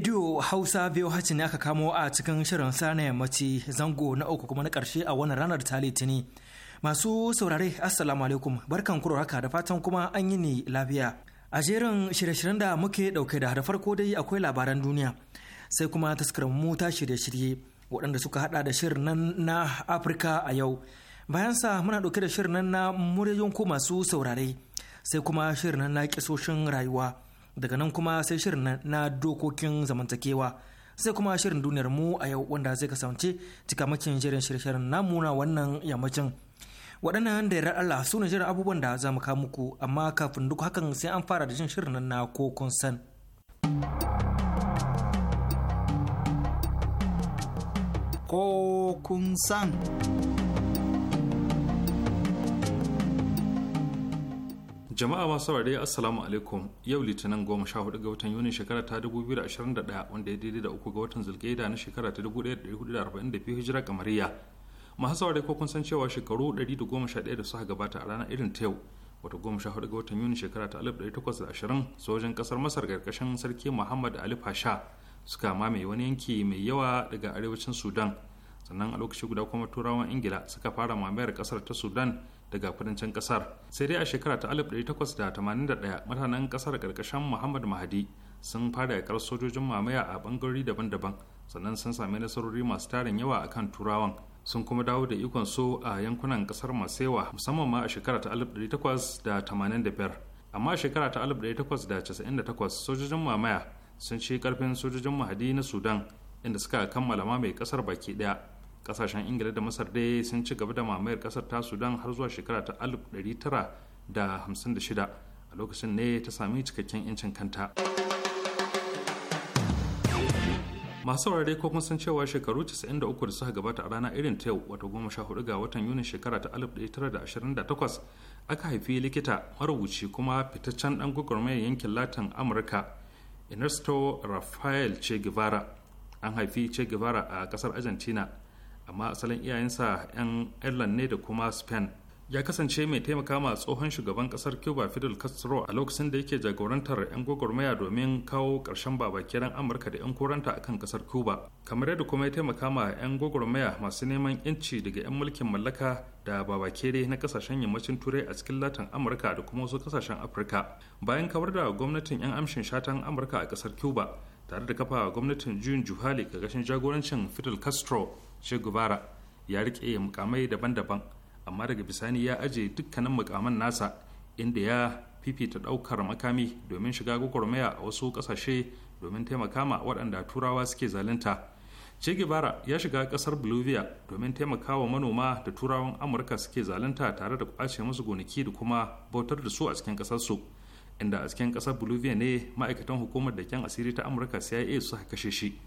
Radio Hausa biyu VOH ne aka kamo a cikin shirin sa na yammaci zango na uku kuma na karshe a wannan ranar ta Litini. Masu saurare Assalamu alaikum barkan kuro haka da fatan kuma an yi ni lafiya. A jerin shirye-shiryen da muke ɗauke da da farko dai akwai labaran duniya sai kuma taskaran mu ta shirye-shirye waɗanda suka hada da shirin nan na Afirka a yau. Bayan sa muna ɗauke da shirin nan na muryoyin ku masu saurare sai kuma shirin nan na kisoshin rayuwa. daga nan kuma sai shirin na dokokin zamantakewa sai kuma shirin duniyar mu a yau wanda zai kasance cikamakin shirin shirin namu na wannan yammacin waɗannan da yarda Allah su ne shirin abubuwan da za mu kawo muku amma kafin duk hakan sai an fara da jin shirin na na kun san kokun san jama'a masu saurare assalamu alaikum yau litinin goma sha hudu ga watan yuni shekara ta dubu biyu da da ashirin daya wanda ya daidai da uku ga watan zulkaida na shekara ta dubu daya da da da hudu arba'in biyu hijira kamariya masu saurare ko kun san cewa shekaru dari da goma sha da suka gabata a ranar irin ta yau wata goma sha hudu ga watan yuni shekara ta alif takwas da ashirin sojan kasar masar karkashin sarki muhammad ali pasha suka mamaye wani yanki mai yawa daga arewacin sudan sannan a lokaci guda kuma turawan ingila suka fara mamayar kasar ta sudan daga kudancin kasar sai dai a shekara ta 1881 mutanen kasar karkashin muhammad mahadi sun fara yakar sojojin mamaya a bangarori daban-daban sannan sun sami nasarori masu tarin yawa a kan turawan sun kuma dawo da ikon so a yankunan kasar masewa musamman ma a shekara ta 1885 amma a shekara ta 1898 sojojin mamaya sun ci karfin sojojin mahadi na sudan inda suka kammala ma mai kasar baki daya kasashen ingila da masar dai sun ci gaba da mamayar kasar ta sudan har zuwa shekara ta 1956 a lokacin ne ta sami cikakken 'yancin kanta masu saurare ko kuma san cewa shekaru 93 da suka gabata a rana irin ta yau sha hudu ga watan yuni shekara ta 1928 aka haifi likita marubuci kuma fitaccen dan gwagwarmayar yankin latin amurka ernesto rafael che guevara an haifi che guevara a kasar argentina amma asalin iyayensa 'yan ireland ne da kuma spain ya kasance mai taimaka ma tsohon shugaban kasar cuba fidel castro a lokacin da yake jagorantar 'yan gwagwarmaya domin kawo karshen babakiran amurka da 'yan koranta akan kasar cuba kamar yadda kuma ya taimaka ma 'yan gwagwarmaya masu neman 'yanci daga 'yan mulkin mallaka da babakere na kasashen yammacin turai a cikin latin amurka da kuma wasu kasashen afirka bayan kawar da gwamnatin 'yan amshin shatan amurka a kasar cuba tare da kafa gwamnatin juyin juhali ga gashin jagorancin fidel castro che ya rike mukamai daban-daban amma daga bisani ya ajiye dukkanin mukaman nasa inda ya fifita daukar makami domin shiga gwagwarmaya a wasu kasashe domin taimaka ma waɗanda turawa suke zalunta che guevara ya shiga ƙasar bolivia domin taimakawa manoma da turawan amurka suke zalunta tare da kwace musu gonaki da kuma bautar da su a cikin ƙasarsu inda a cikin kasar bolivia ne ma'aikatan hukumar da kyan asiri ta amurka cia suka kashe shi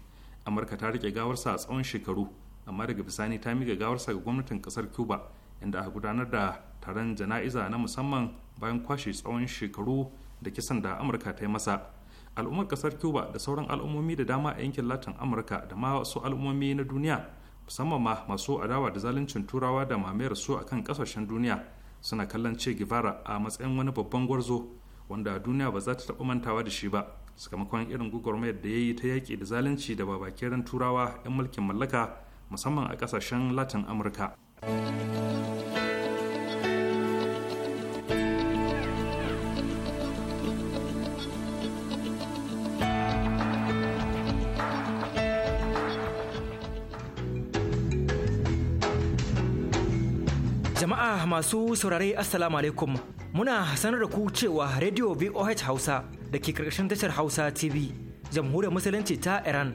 amurka ta rike gawarsa a tsawon shekaru amma daga bisani ta miƙa gawarsa ga gwamnatin ƙasar cuba inda aka gudanar da taron jana'iza na musamman bayan kwashe tsawon shekaru da kisan da amurka ta yi masa al'ummar ƙasar cuba da sauran al'ummomi da dama a yankin latin amurka da ma wasu al'ummomi na duniya musamman ma masu adawa da zaluncin turawa da mamayar su akan kasashen duniya suna kallon ce givara a matsayin wani babban gwarzo wanda duniya ba za ta taɓa mantawa da shi ba sakamakon irin gwagwarmayar da ya yi ta yaƙi da zalunci da babakeren turawa 'yan mulkin mallaka musamman a kasashen latin amurka Jama'a masu saurare Assalamu alaikum muna sanar da ku cewa Radio VOH Hausa da ke karkashin tashar Hausa TV jamhuriyar musulunci ta Iran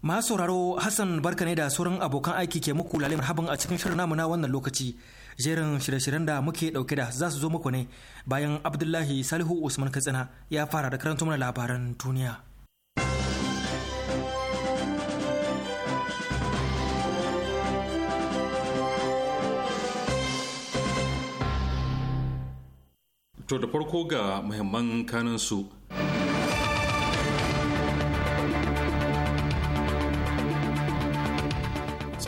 Masu sauraro Hassan barka ne da sauran abokan aiki ke muku lalim habin a cikin shirin namu wannan lokaci. Jerin shirye-shiryen da muke ɗauke da za su zo muku ne bayan Abdullahi Salihu Usman Katsina ya fara da karanta mana labaran duniya. To da farko ga muhimman kanansu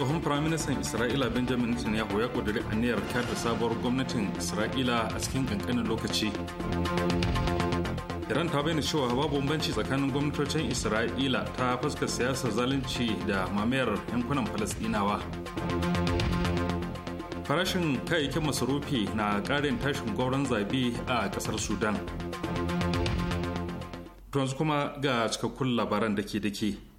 tsohon firaministan isra'ila benjamin netanyahu ya kuduri aniyar da sabuwar gwamnatin isra'ila a cikin kankanin lokaci iran ta bayyana cewa babu bambanci tsakanin gwamnatocin isra'ila ta fuskar siyasar zalunci da mamayar yankunan falasdinawa farashin kayayyakin masarufi na karin tashin gwauron zabi a kasar sudan yanzu kuma ga cikakkun labaran dake-dake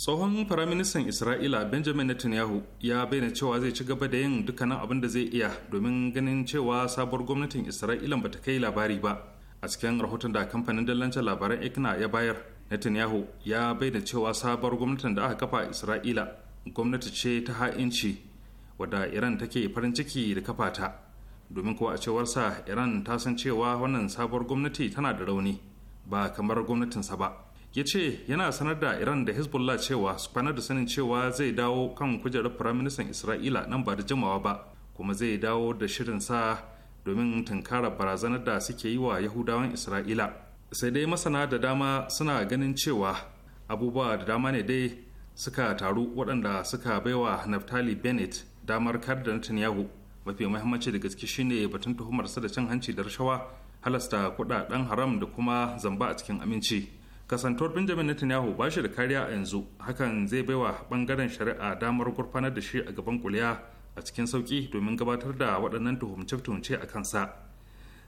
tsohon firaministan isra'ila benjamin netanyahu ya bayyana cewa zai ci gaba da yin dukkanin abin da zai iya domin ganin cewa sabuwar gwamnatin isra'ila bata kai labari ba a cikin rahoton da kamfanin dallancin labaran ikna ya bayar netanyahu ya bayyana cewa sabuwar gwamnatin da aka kafa isra'ila gwamnati ce ta ha'inci wadda iran take farin ciki da kafa ta domin kuwa a cewarsa iran ta san cewa wannan sabuwar gwamnati tana da rauni ba kamar gwamnatinsa ba ya ce yana sanar da iran da hezbollah cewa su kwanar da sanin cewa zai dawo kan kujerar firaministan isra'ila nan ba da jimawa ba kuma zai dawo da shirin sa domin tunkarar barazanar da suke yi wa yahudawan isra'ila sai dai masana da dama suna ganin cewa abubuwa da dama ne dai suka taru waɗanda suka baiwa naftali bennett damar kar da netanyahu mafi mahimmanci da gaske shine batun tuhumarsa da cin hanci da rashawa halasta kuɗaɗen haram da kuma zamba a cikin aminci kasantuwar benjamin netanyahu ba shi da kariya a yanzu hakan zai baiwa bangaren shari'a damar gurfanar da shi a gaban kuliya a cikin sauki domin gabatar da waɗannan tuhumce-tuhumce a kansa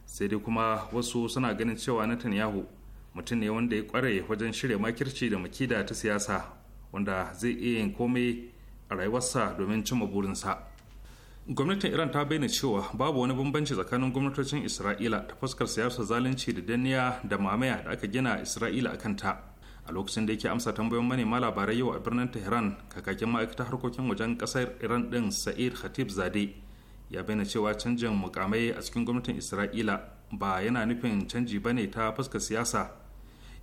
sai dai kuma wasu suna ganin cewa netanyahu mutum ne wanda ya kware wajen shirya makirci da makida ta siyasa wanda zai iya yin komai a rayuwarsa domin cimma burinsa. gwamnatin iran ta bayyana cewa babu wani bambanci tsakanin gwamnatocin isra'ila ta fuskar siyasar zalunci da danniya da mamaya da aka gina isra'ila a kanta a lokacin da yake amsa tambayoyin manema labarai yau a birnin tehran kakakin ma'aikatar harkokin wajen kasar iran din sa'id khatib zade ya bayyana cewa canjin mukamai a cikin gwamnatin isra'ila ba yana nufin canji ba ne ta fuskar siyasa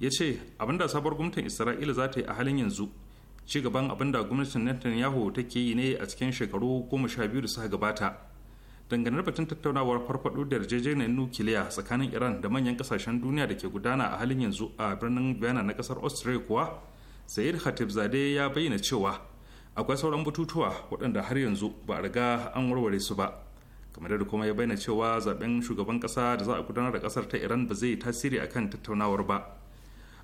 ya ce abinda sabuwar gwamnatin isra'ila za ta yi a halin yanzu ci gaban abin da gwamnatin netanyahu take yi ne a cikin shekaru goma sha biyu da suka gabata dangane da batun tattaunawar farfaɗo da yarjejeniyar nukiliya tsakanin iran da manyan kasashen duniya da ke gudana a halin yanzu a birnin vienna na kasar austria kuwa sayid khatib zade ya bayyana cewa akwai sauran bututuwa waɗanda har yanzu ba a riga an warware su ba kamar da kuma ya bayyana cewa zaben shugaban ƙasa da za a gudanar da ƙasar ta iran ba zai yi tasiri akan tattaunawar ba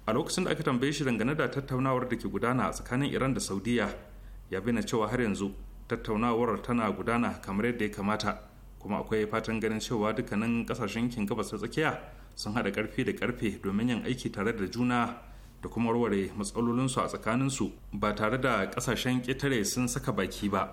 a lokacin da aka tambaye shi dangane da tattaunawar da ke gudana tsakanin iran da saudiya ya na cewa har yanzu tattaunawar tana gudana kamar yadda ya kamata kuma akwai fatan ganin cewa dukkanin kasashen yankin gabas ta tsakiya sun haɗa karfe da karfe domin yin aiki tare da juna da kuma warware matsalolinsu a tsakaninsu ba tare da ƙasashen ƙetare sun saka baki ba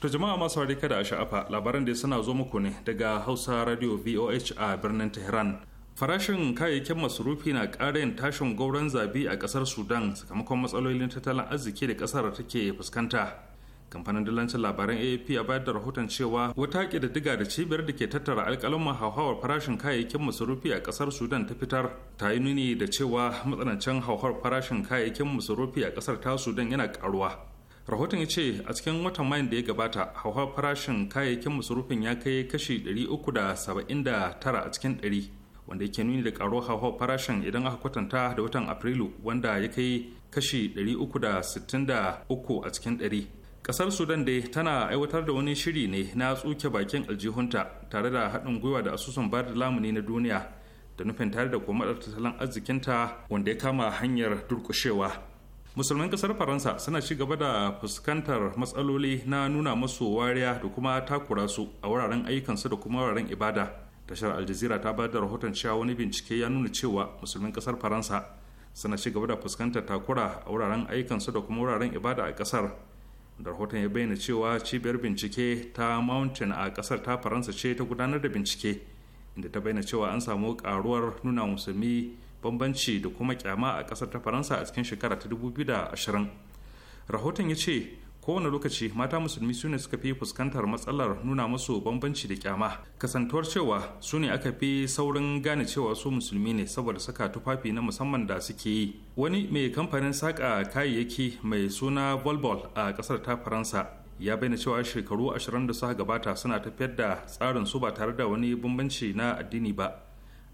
to jama'a masu kada a sha'afa labaran da suna zo muku ne daga hausa radio voh a birnin tehran farashin kayayyakin masurufi na ƙara yin tashin gauran zabi a ƙasar sudan sakamakon matsalolin tattalin arziki da ƙasar take fuskanta kamfanin dillancin labaran aap a bayar da rahoton cewa wata ƙididdiga da cibiyar da ke tattara alƙalin hauhawar farashin kayayyakin masurufi a ƙasar sudan ta fitar ta yi nuni da cewa matsanancin hauhawar farashin kayayyakin masurufi a ƙasar ta sudan yana ƙaruwa rahoton ya ce a cikin watan mayan da ya gabata hauhawar farashin kayayyakin masurufin ya kai kashi 379 a cikin 100 wanda yake nuni da karo hawa farashin idan aka kwatanta da watan afrilu wanda ya kai kashi 363 a cikin 100 kasar sudan dai tana aiwatar da wani shiri ne na tsuke bakin aljihunta tare da haɗin gwiwa da asusun bayar da lamuni na duniya da nufin tare da kuma tattalin arzikinta wanda ya kama hanyar durkushewa musulman kasar faransa suna ci gaba da fuskantar matsaloli na nuna masu wariya da kuma takura su a wuraren ayyukansu da kuma wuraren ibada tashar aljazira ta bayar da rahoton cewa wani bincike ya nuna cewa musulmin kasar faransa suna ci gaba da fuskantar takura a wuraren aikansu da kuma wuraren ibada a kasar da rahoton ya bayyana cewa cibiyar bincike ta mountain a kasar ta faransa ce ta gudanar da bincike inda ta bayyana cewa an samu karuwar nuna musulmi bambanci da kuma kyama a kasar ta faransa a cikin shekara ta 2020 rahoton ya ce kowane lokaci mata musulmi sune suka fi fuskantar matsalar nuna musu bambanci da kyama kasantuwar cewa su ne aka fi saurin gane cewa su musulmi ne saboda saka tufafi na musamman da suke yi wani mai kamfanin saka kayayyaki mai suna volbol a kasar ta faransa ya bayyana cewa shekaru ashirin da suka gabata suna tafiyar da tsarin su ba tare da wani bambanci na addini ba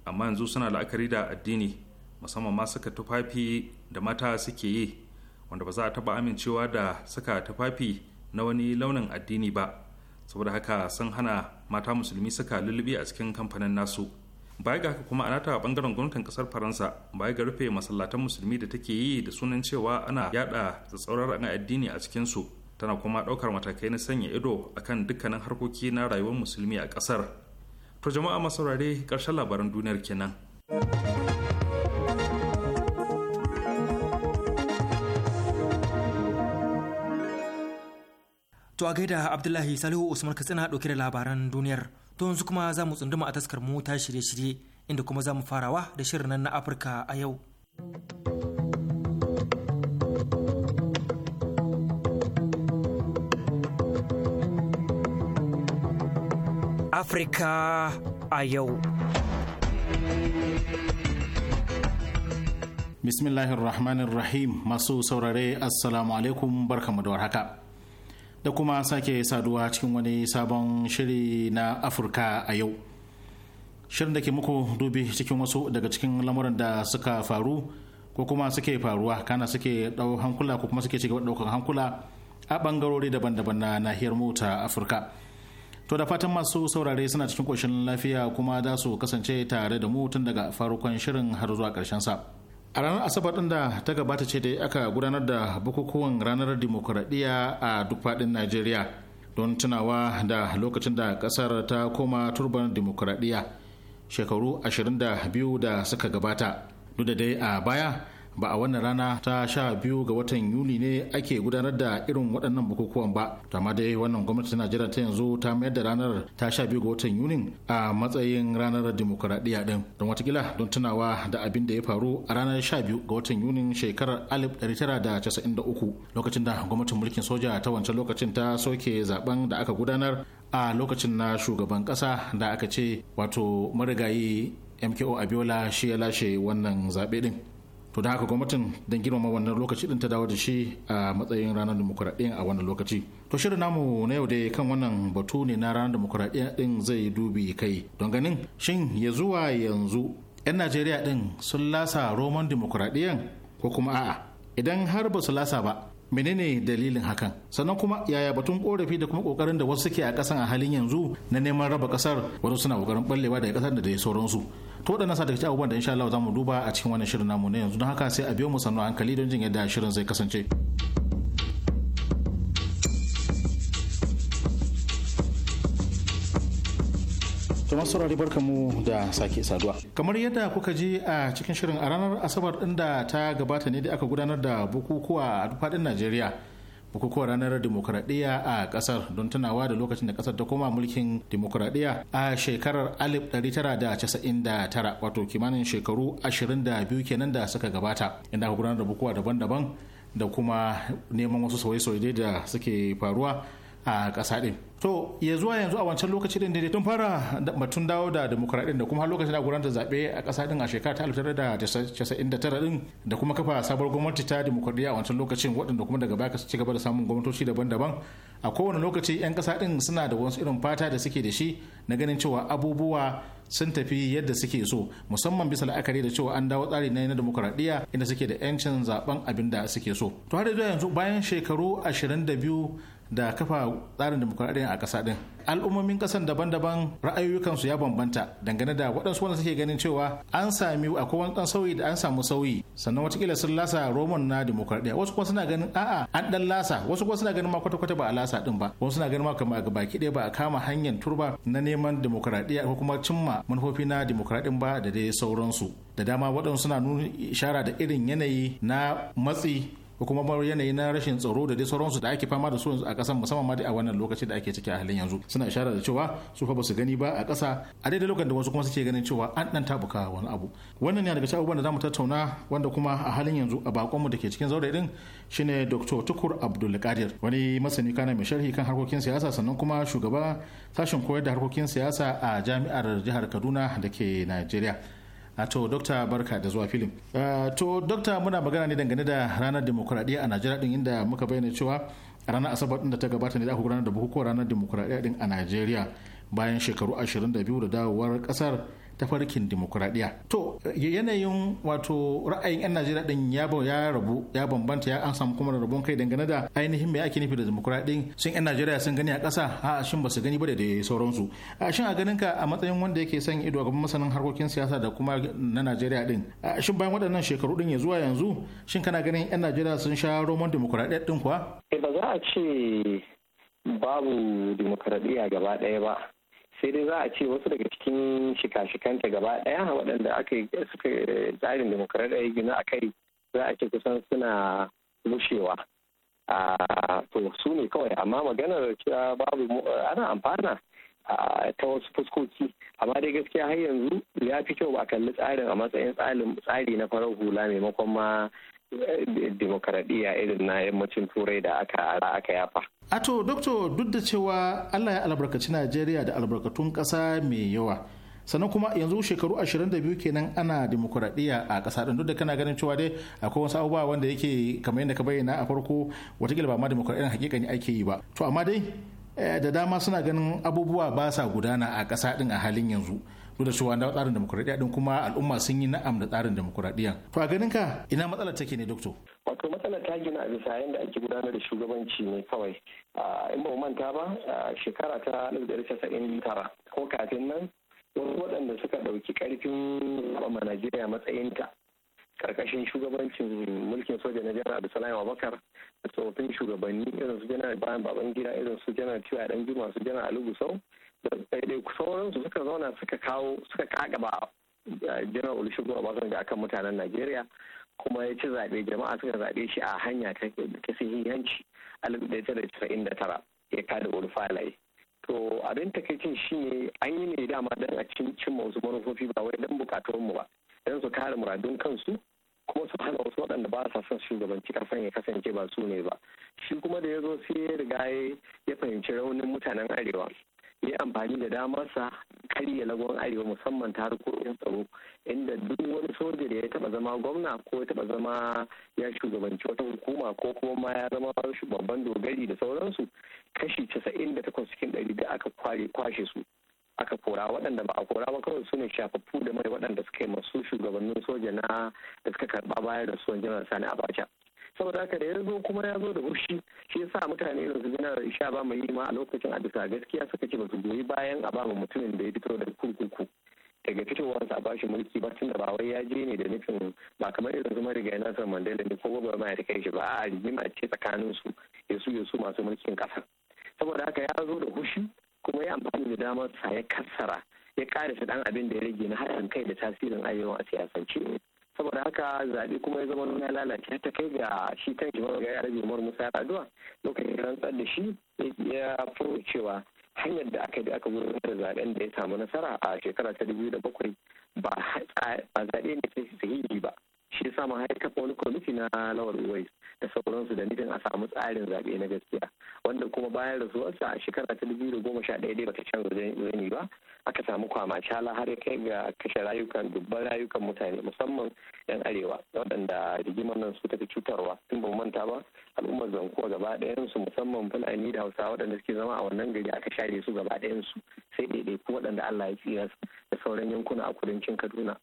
amma yanzu suna la'akari da addini musamman ma suka tufafi da mata suke yi wanda ba za a taba amincewa da saka tufafi na wani launin addini ba saboda haka sun hana mata musulmi saka lulubi a cikin kamfanin nasu baya ga haka kuma a nata bangaren gwamnatin kasar faransa baya ga rufe masallatan musulmi da take yi da sunan cewa ana yada tsatsaurar addini a cikin su tana kuma ɗaukar matakai na sanya ido akan dukkanin harkoki na rayuwar musulmi a kasar to jama'a masaurare ƙarshen labaran duniyar kenan. To a gaida Abdullahi Salihu Usman Katsina ɗauke da labaran duniyar. To yanzu kuma za mu tsunduma a taskar mu ta shirye-shirye inda kuma za mu farawa da shirin nan na Afirka a yau. Afirka a yau. Bismillahirrahmanirrahim masu saurare Assalamu alaikum barkamu da warhaka. da kuma sake saduwa cikin wani sabon shiri na Afirka a yau. Shirin da ke muku dubi cikin wasu daga cikin lamuran da suka faru ko kuma suke faruwa kana suke dau hankula ko kuma suke cigaba ɗaukar hankula a bangarori daban-daban na nahiyar mota Afirka. To da fatan masu saurare suna cikin ƙoshin lafiya kuma za su kasance tare da mu tun daga farkon shirin har zuwa ƙarshen sa. a ranar asabar din da ta gabata ce dai aka gudanar da bukukuwan ranar dimokuraɗiyya a duk faɗin najeriya don tunawa da lokacin da ƙasar ta koma turban dimokuraɗiyya shekaru 22 da suka gabata duk da dai a baya ba a wannan rana ta sha biyu ga watan yuli ne ake gudanar da irin waɗannan bukukuwan ba to amma dai wannan gwamnati ta najeriya ta yanzu ta mayar da ranar ta sha biyu ga watan yuli a matsayin ranar dimokuraɗiyya ɗin don watakila don tunawa da abin da ya faru a ranar sha biyu ga watan yuli shekarar alif ɗari tara da casa'in da uku lokacin da gwamnatin mulkin soja ta wancan lokacin ta soke zaben da aka gudanar a lokacin na shugaban ƙasa da aka ce wato marigayi mko abiola shi ya lashe wannan zaɓe ɗin to da haka gwamnatin don girmama wannan lokaci din ta dawo da shi a matsayin ranar demokuraɗiyya a wannan lokaci to shirin namu na yau da kan wannan batu ne na ranar demokuraɗiyya din zai dubi kai don ganin shin ya zuwa yanzu 'yan najeriya din sun lasa roman demokuraɗiyyan ko kuma a'a idan har ba su lasa ba menene dalilin hakan sannan kuma yaya batun korafi da kuma kokarin da wasu suke a kasan a halin yanzu na neman raba kasar wasu suna kokarin ballewa daga kasar da dai sauransu to da nasa daga abubuwan da insha Allah za mu duba a cikin wannan shirin namu na yanzu don haka sai a biyo mu sannu hankali don jin yadda shirin zai kasance. to saurari barka mu da sake saduwa kamar yadda kuka ji a cikin shirin a ranar asabar din da ta gabata ne da aka gudanar da bukukuwa a faɗin najeriya bukukuwa ranar demokuraɗiyya a ƙasar don tunawa da lokacin da ƙasar ta koma mulkin demokuraɗiyya a shekarar 1999 wato kimanin shekaru 22 kenan da suka gabata inda aka gudanar da bukukuwa daban-daban da kuma neman wasu sauye-sauye da suke faruwa a ƙasa ɗin to ya zuwa yanzu a wancan lokaci din daidai tun fara batun dawo da demokuraɗin da kuma har lokacin da gudanar zaɓe a ƙasa din a shekara ta alif da casa'in da tara din da kuma kafa sabuwar gwamnati ta demokuraɗiyya a wancan lokacin waɗanda kuma daga baya ka ci gaba da samun gwamnatoci daban-daban a kowane lokaci 'yan ƙasa din suna da wasu irin fata da suke da shi na ganin cewa abubuwa sun tafi yadda suke so musamman bisa la'akari da cewa an dawo tsari na demokuraɗiyya inda suke da 'yancin zaben abinda da suke so to har yanzu bayan shekaru 22 da kafa tsarin demokuraɗiyya a ƙasa ɗin al'ummomin ƙasan daban-daban ra'ayoyinsu ya bambanta dangane da waɗansu wanda suke ganin cewa an sami a kowane ɗan sauyi da an samu sauyi sannan watakila sun lasa roman na demokuraɗiyya wasu kuma suna ganin a'a an ɗan lasa wasu kuma suna ganin ma kwata-kwata ba a lasa ɗin ba wasu suna ganin ma kama ga baki ɗaya ba a kama hanyar turba na neman demokuraɗiyya ko kuma cimma manufofi na demokuraɗin ba da dai sauransu da dama waɗansu suna nuna ishara da irin yanayi na matsi ko kuma yanayi na rashin tsaro da dai sauransu da ake fama da su a kasan musamman ma dai a wannan lokaci da ake ciki a halin yanzu suna ishara da cewa su fa basu gani ba a kasa a daidai lokacin da wasu kuma suke ganin cewa an dan tabuka wani abu wannan ne daga cikin abubuwan da zamu tattauna wanda kuma a halin yanzu a bakon mu dake cikin zaure din shine Dr. Tukur abdul qadir wani masani kana mai sharhi kan harkokin siyasa sannan kuma shugaba sashen koyar da harkokin siyasa a jami'ar jihar Kaduna da ke Najeriya a to dokta barka da zuwa filin to dokta muna magana ne dangane da ranar demokuraɗiyya a najeriya din inda muka bayyana cewa ranar asabar din da ta gabata ne za ku gudanar da bukukuwan ranar demokuraɗiyya din a najeriya bayan shekaru 22 da dawowar ƙasar tafarkin dimokuraɗiyya to yanayin wato ra'ayin 'yan najeriya din ya rabu ya bambanta ya an samu kuma rabon kai dangane da ainihin mai ake nufi da dimokuraɗin sun 'yan najeriya sun gani a ƙasa a shin ba su gani ba da sauransu a shin a ganin ka a matsayin wanda yake son ido a gaban masanin harkokin siyasa da kuma na najeriya din shin bayan waɗannan shekaru din ya zuwa yanzu shin kana ganin 'yan najeriya sun sha roman dimokuraɗiyyar ɗin kuwa eh, ba za a ce babu dimokuraɗiyya gaba ɗaya ba sai dai za a ce wasu daga cikin shika-shikanta gaba ɗaya waɗanda aka suka tsarin demokaradiyya ya gina a kai za a ce kusan suna mushewa to su ne kawai amma maganar cewa babu ana amfana ta wasu fuskoki amma dai gaskiya har yanzu ya fi kyau ba a kalli tsarin a matsayin tsari na farar hula maimakon ma demokaradiyya irin na yammacin turai da aka aka yafa. Ato, Dokto, duk da cewa Allah ya albarkaci Najeriya da albarkatun ƙasa mai yawa. sannan kuma yanzu shekaru 22 kenan ana demokuraɗiyya a ƙasa ɗin duk da kana ganin cewa dai akwai wasu abubuwa wanda yake kamar yadda ka bayyana a farko watakila ba ma demokuraɗiyyar hakika ne ake yi ba to amma dai eh, da dama suna ganin abubuwa ba sa gudana a ƙasa ɗin a halin yanzu duk da cewa na tsarin demokuraɗiyya don kuma al'umma sun yi na'am da tsarin demokuraɗiyya to a ganin ka ina matsalar take ne doktor wato matsalar ta gina a bisa yadda ake gudanar da shugabanci ne kawai in ba mu manta ba shekara ta casa'in tara ko kafin nan wasu waɗanda suka ɗauki ƙarfin zaɓa Najeriya ta karkashin shugabancin mulkin soja na janar abdulsalam bakar da tsofaffin shugabanni irin su jana bayan baban gida irin su janar ciwa dan juma su janar ali gusau ɗaiɗaiku su suka zauna suka kawo suka kagaba jiran eh, olusegun da akan mutanen najeriya kuma ya ci zaɓe jama'a suka zaɓe shi a hanya ta hanci alif da tara casa'in da tara ya kada olufalaye to abin takaicin shine an yi ne dama don a cin cimma wasu manufofi ba wai don mu ba don su kare muradun kansu kuma su hana wasu waɗanda ba sa son shugabanci ƙasar ya kasance ba su ne ba shi kuma da ya zo sai ya riga ya fahimci raunin mutanen arewa ya yi amfani da damarsa karya lagon arewa musamman ta harkokin tsaro inda duk wani soja da ya taba zama gwamna ko ya taba zama ya shugabanci wata hukuma ko kuma ma ya zama babban dogari da sauransu kashi casa'in da takwas cikin ɗari da aka kwashe su aka kora waɗanda ba a kora ba kawai su ne shafaffu da mai waɗanda suka yi masu shugabannin soja na da suka karɓa bayan da suwan janar sani abacha saboda haka da ya zo kuma ya zo da ushi shi yasa mutane yanzu su janar isha ba mai ma a lokacin a bisa gaskiya suka ce ba su goyi bayan a ba mu mutumin da ya fito da kurkuku daga fitowarsa a shi mulki ba tun da ba wai ya je ne da nufin ba kamar irin zuma riga ya san mandela ne ko gobe ma ya kai shi ba a rigima ce tsakanin su ya su ya su masu mulkin kasa saboda haka ya zo da hushi kuma ya amfani da damar sa ya kassara ya karisa dan abin da ya rage na haɗin kai da tasirin ayyukan a siyasance saboda haka zaɓe kuma ya zama nuna lalace ta kai ga shi kan shi ga ya rage umar musa raduwa lokacin rantsar da shi ya furo cewa hanyar da aka bi aka gudanar da zaɓen da ya samu nasara a shekara ta dubu da bakwai ba zaɓe ne sai sahihi ba shi yasa ma kafa wani kwamiti na lawal uwais da sauransu da nufin a samu tsarin zaɓe na gaskiya wanda kuma bayan rasuwarsa a shekara ta dubu da goma sha ɗaya dai bata canza zani ba aka samu kwama shala har ya kai ga kashe rayukan dubban rayukan mutane musamman yan arewa waɗanda rigimar nan su tafi cutarwa tun ban manta ba al'ummar zankuwa gaba ɗayansu musamman fulani da hausa waɗanda suke zama a wannan gari aka share su gaba ɗayansu sai ɗaiɗaiku waɗanda allah ya tsira da sauran yankuna a kudancin kaduna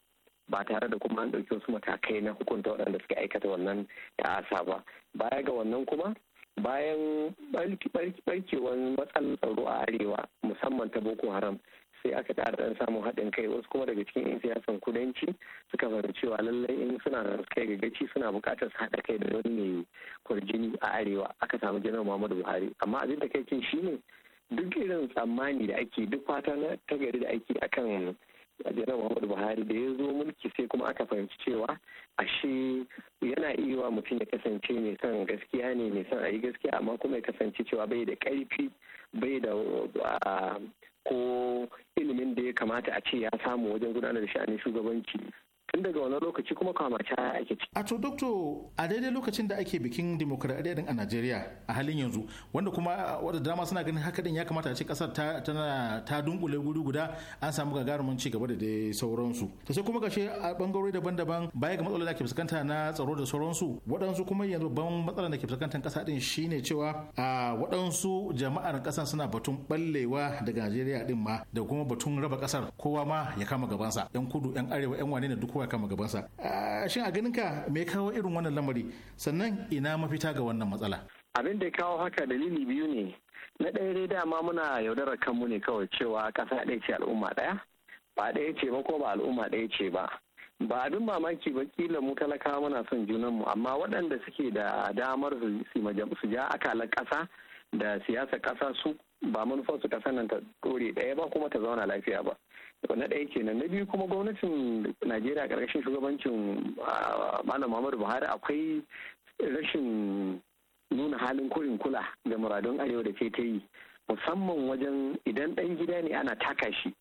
ba tare da kuma an ɗauki wasu matakai na hukunta waɗanda suka aikata wannan ta'asa ba baya ga wannan kuma bayan barkewar matsalar tsaro a arewa musamman ta boko haram sai aka tara ɗan samun haɗin kai wasu kuma daga cikin 'yan siyasan kudanci suka fara cewa lallai in suna da kai ga gaci suna buƙatar su haɗa kai da wani mai kwarjini a arewa aka samu janar muhammadu buhari amma abin da kai shine duk irin tsammani da ake duk fata na tagari da ake akan jiran muhammadu buhari da ya zo mulki sai kuma aka fahimci cewa ashe yana iya mutum ya kasance mai son gaskiya ne mai son a yi gaskiya amma kuma ya kasance cewa bai da ƙarfi bai da ah, ko ilimin da ya kamata a ce ya samu wajen gudanar da sha'anin shugabanci tun daga wani lokaci kuma kwamace ake ciki. a to dokto a daidai lokacin da ake bikin dimokuraɗiyya din a najeriya a halin yanzu wanda kuma wadda dama suna ganin haka din ya kamata a ce kasar ta dunkule guri guda an samu gagarumin ci gaba da dai sauransu ta sai kuma gashe a bangarori daban-daban baya ga matsalar da ke fuskanta na tsaro da sauransu waɗansu kuma yanzu ban matsalar da ke fuskantar ƙasa din shine cewa a waɗansu jama'ar ƙasar suna batun ballewa daga najeriya din ma da kuma batun raba ƙasar kowa ma ya kama gabansa yan kudu yan arewa yan wane duk raba kama gabansa shin a ganin ka me kawo irin wannan lamari sannan ina mafita ga wannan matsala abin da ya kawo haka dalili biyu ne na ɗaya dai dama muna yaudarar kanmu ne kawai cewa ƙasa ɗaya ce al'umma ɗaya ba ɗaya ce ba ko ba al'umma ɗaya ce ba ba abin mamaki ba kila mu talakawa muna son junanmu amma waɗanda suke da damar su ja akalar ƙasa da siyasar ƙasa su ba manufar su ƙasar nan ta ɗore ɗaya ba kuma ta zauna lafiya ba na ɗaya kenan na biyu kuma gwamnatin najeriya ƙarƙashin shugabancin ah, malam muhammadu buhari akwai rashin nuna halin kurin kula ga muradun arewa da ke ta yi musamman wajen idan ɗan gida ne ana taka shi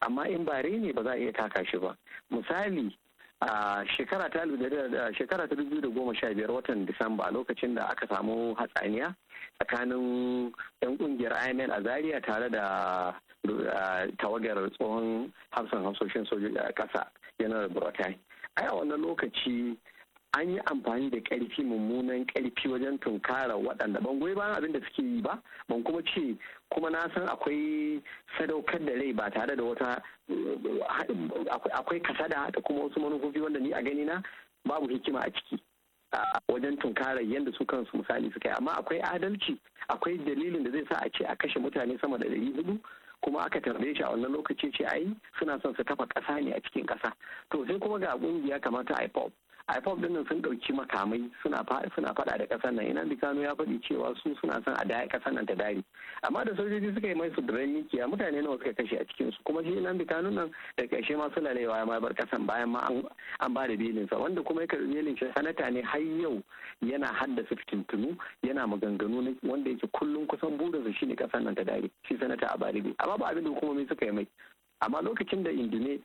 amma in ba ne ba za a iya taka shi ba misali a shekara ta shekara dubu da goma sha biyar watan disamba a lokacin da aka samu hatsaniya tsakanin yan kungiyar imn a zaria tare da tawagar tsohon hamsin hamsoshin sojoji a ƙasa janar buratai ai a wannan lokaci an yi amfani da ƙarfi mummunan ƙarfi wajen tunkara waɗanda ban goyi bayan abin da suke yi ba ban kuma ce kuma na san akwai sadaukar da rai ba tare da wata akwai kasada da kuma wasu manufofi wanda ni a gani na babu hikima a ciki wajen tunkara yadda su kansu misali suka yi amma akwai adalci akwai dalilin da zai sa a ce a kashe mutane sama da ɗari hudu kuma aka tarbe shi a wannan lokaci ce ai suna son su kafa ƙasa ne a cikin ƙasa to sai kuma ga ƙungiya kamar ta ipop ipop din sun dauki makamai suna suna fada da kasar nan ina kano ya faɗi cewa su suna son a daya kasar nan ta dare amma da sojoji suka yi mai su daren nikiya mutane nawa suka kashe a cikin su kuma shi ina kano nan da ƙarshe ma su lalewa ya bar kasan bayan ma an ba da belin sa wanda kuma ya karbi shi sanata ne har yau yana haddasa fitintunu yana maganganu wanda yake kullum kusan su shine kasar nan ta dare shi sanata a baribi amma ba abin da hukumomi suka yi mai amma lokacin da indine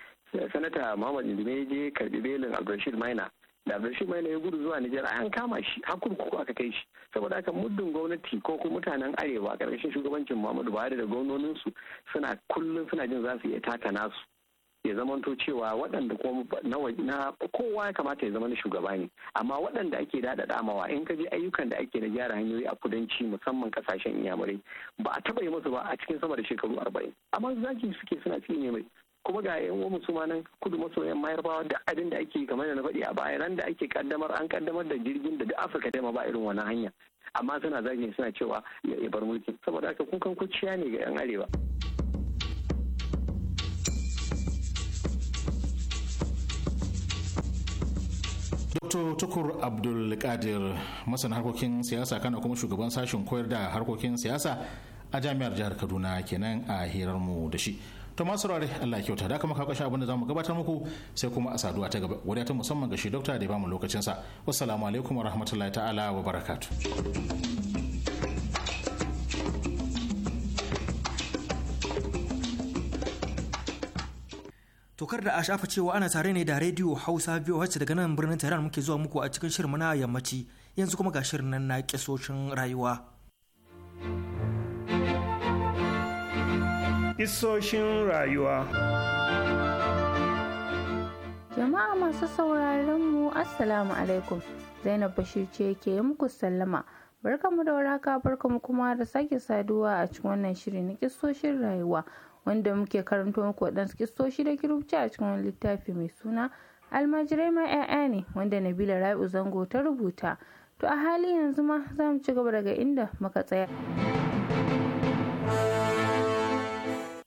sanata muhammad indine ya je karbi belin abdulrashid maina da shi mai ya gudu zuwa Nijar an kama shi har kurkuku aka kai shi saboda haka muddin gwamnati ko kuma mutanen arewa karkashin shugabancin Muhammadu Buhari da su suna kullum suna jin za su iya taka nasu ya zamanto cewa waɗanda na kowa ya kamata ya zama na shugaba ne amma waɗanda ake dada damawa in ka je ayyukan da ake na gyara hanyoyi a kudanci musamman kasashen iyamurai ba a taɓa yi musu ba a cikin sama da shekaru arba'in amma zaki suke suna ne mai kuma ga yan uwa su kudu maso yamma yarbawa da abin da ake kamar da na faɗi a baya ran da ake kaddamar an kaddamar da jirgin da duk afirka ta ba irin wani hanya amma suna zagi suna cewa ya bar mulki saboda haka kukan kuciya ne ga yan arewa Dr. Tukur Abdul Kadir masana harkokin siyasa kana kuma shugaban sashen koyar da harkokin siyasa a jami'ar jihar Kaduna kenan a hirar mu da shi. to masu rare Allah kyauta da kuma ka kashi abinda zamu gabatar muku sai kuma a saduwa ta gaba wadda ta musamman ga shi dokta da ya bamu lokacin sa wassalamu alaikum wa rahmatullahi ta'ala wa tokar da a shafa cewa ana tare ne da rediyo hausa biyu wacce daga nan birnin tehran muke zuwa muku a cikin shirin na yammaci yanzu kuma ga shirin nan na kisoshin rayuwa Isoshin rayuwa. Jama'a masu sauraron mu Assalamu alaikum Zainab Bashir ce ke muku sallama. barka Barkamu da waraka barkamu kuma da sake saduwa a cikin wannan shiri na kisoshin rayuwa wanda muke karanto muku waɗansu kisoshi da kirubci a cikin wani littafi mai suna almajirai ma 'ya'ya ne wanda Nabila Rabi'u Zango ta rubuta. To a hali yanzu ma za mu ci gaba daga inda muka tsaya.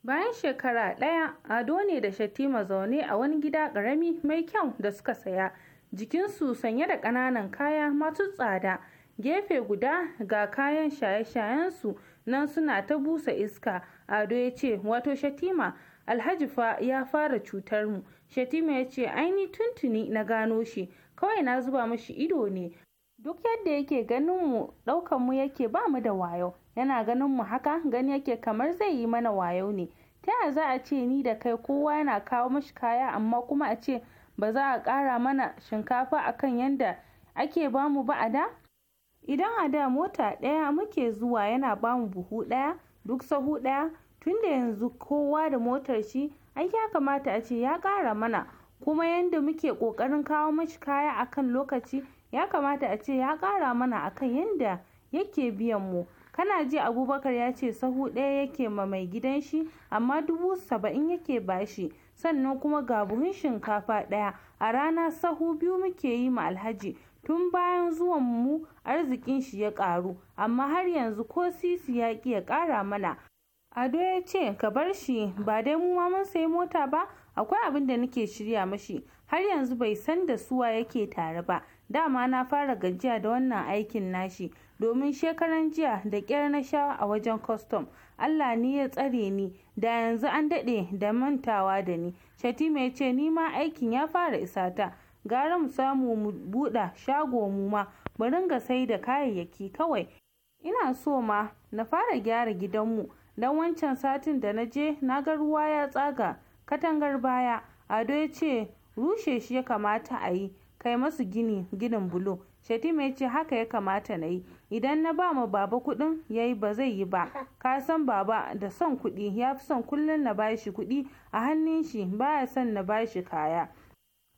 Bayan shekara ɗaya, Ado ne da Shatima zaune a wani gida ƙarami mai kyau da suka saya, jikinsu sanye da ƙananan kaya masu tsada. Gefe guda ga kayan shaye-shayensu nan suna ta busa iska. Ado ya ce, wato Shatima, Alhaji fa ya fara cutar mu. Shatima ya ce, aini tuntuni na gano shi, kawai na zuba mashi ido ne, duk yadda yake ganin mu ɗaukan mu yake ba mu da wayo yana ganin mu haka gani yake kamar zai yi mana wayo ne ta yaya za a ce ni da kai kowa yana kawo mashi kaya amma kuma a ce ba za a ƙara mana shinkafa akan yadda ake bamu ba a da idan a da mota ɗaya muke zuwa yana bamu buhu ɗaya duk sahu ɗaya tun da yanzu kowa da motar shi ai ya kamata a ce ya ƙara mana kuma yadda muke ƙoƙarin kawo mashi kaya akan lokaci ya kamata a ce ya ƙara mana akan yadda yake biyan mu kana ji abubakar ya ce sahu ɗaya yake ma mai gidan shi amma dubu saba'in yake bashi sannan kuma ga buhun shinkafa ɗaya a rana sahu biyu muke yi ma alhaji tun bayan zuwan mu arzikin shi ya ƙaru amma har yanzu ko sisi ya ƙi ya ƙara mana ado ya ce ka bar shi ba dai mu ma mun sayi mota ba akwai abin da nake shirya mashi har yanzu bai san da suwa yake tare ba dama na fara gajiya da wannan aikin nashi domin shekaran jiya da ƙyar na sha a wajen kwastam allah ni ya tsare ni da yanzu an daɗe da mantawa da ni shatima ya ce ni ma aikin ya fara isata gara mu samu mu buɗa shago mu ma mu ringa sai da kayayyaki kawai ina so ma na fara gyara gidanmu don wancan satin da na je na ga ruwa ya tsaga katangar baya ado ya ce rushe shi ya kamata a yi kai masu gini ginin bulo shetima ya ce haka ya kamata na yi idan na ba ma baba kuɗin ya yi ba zai yi ba ka san baba da son kuɗi ya fi son kullum na bashi kuɗi a hannun shi ba ya son na bashi kaya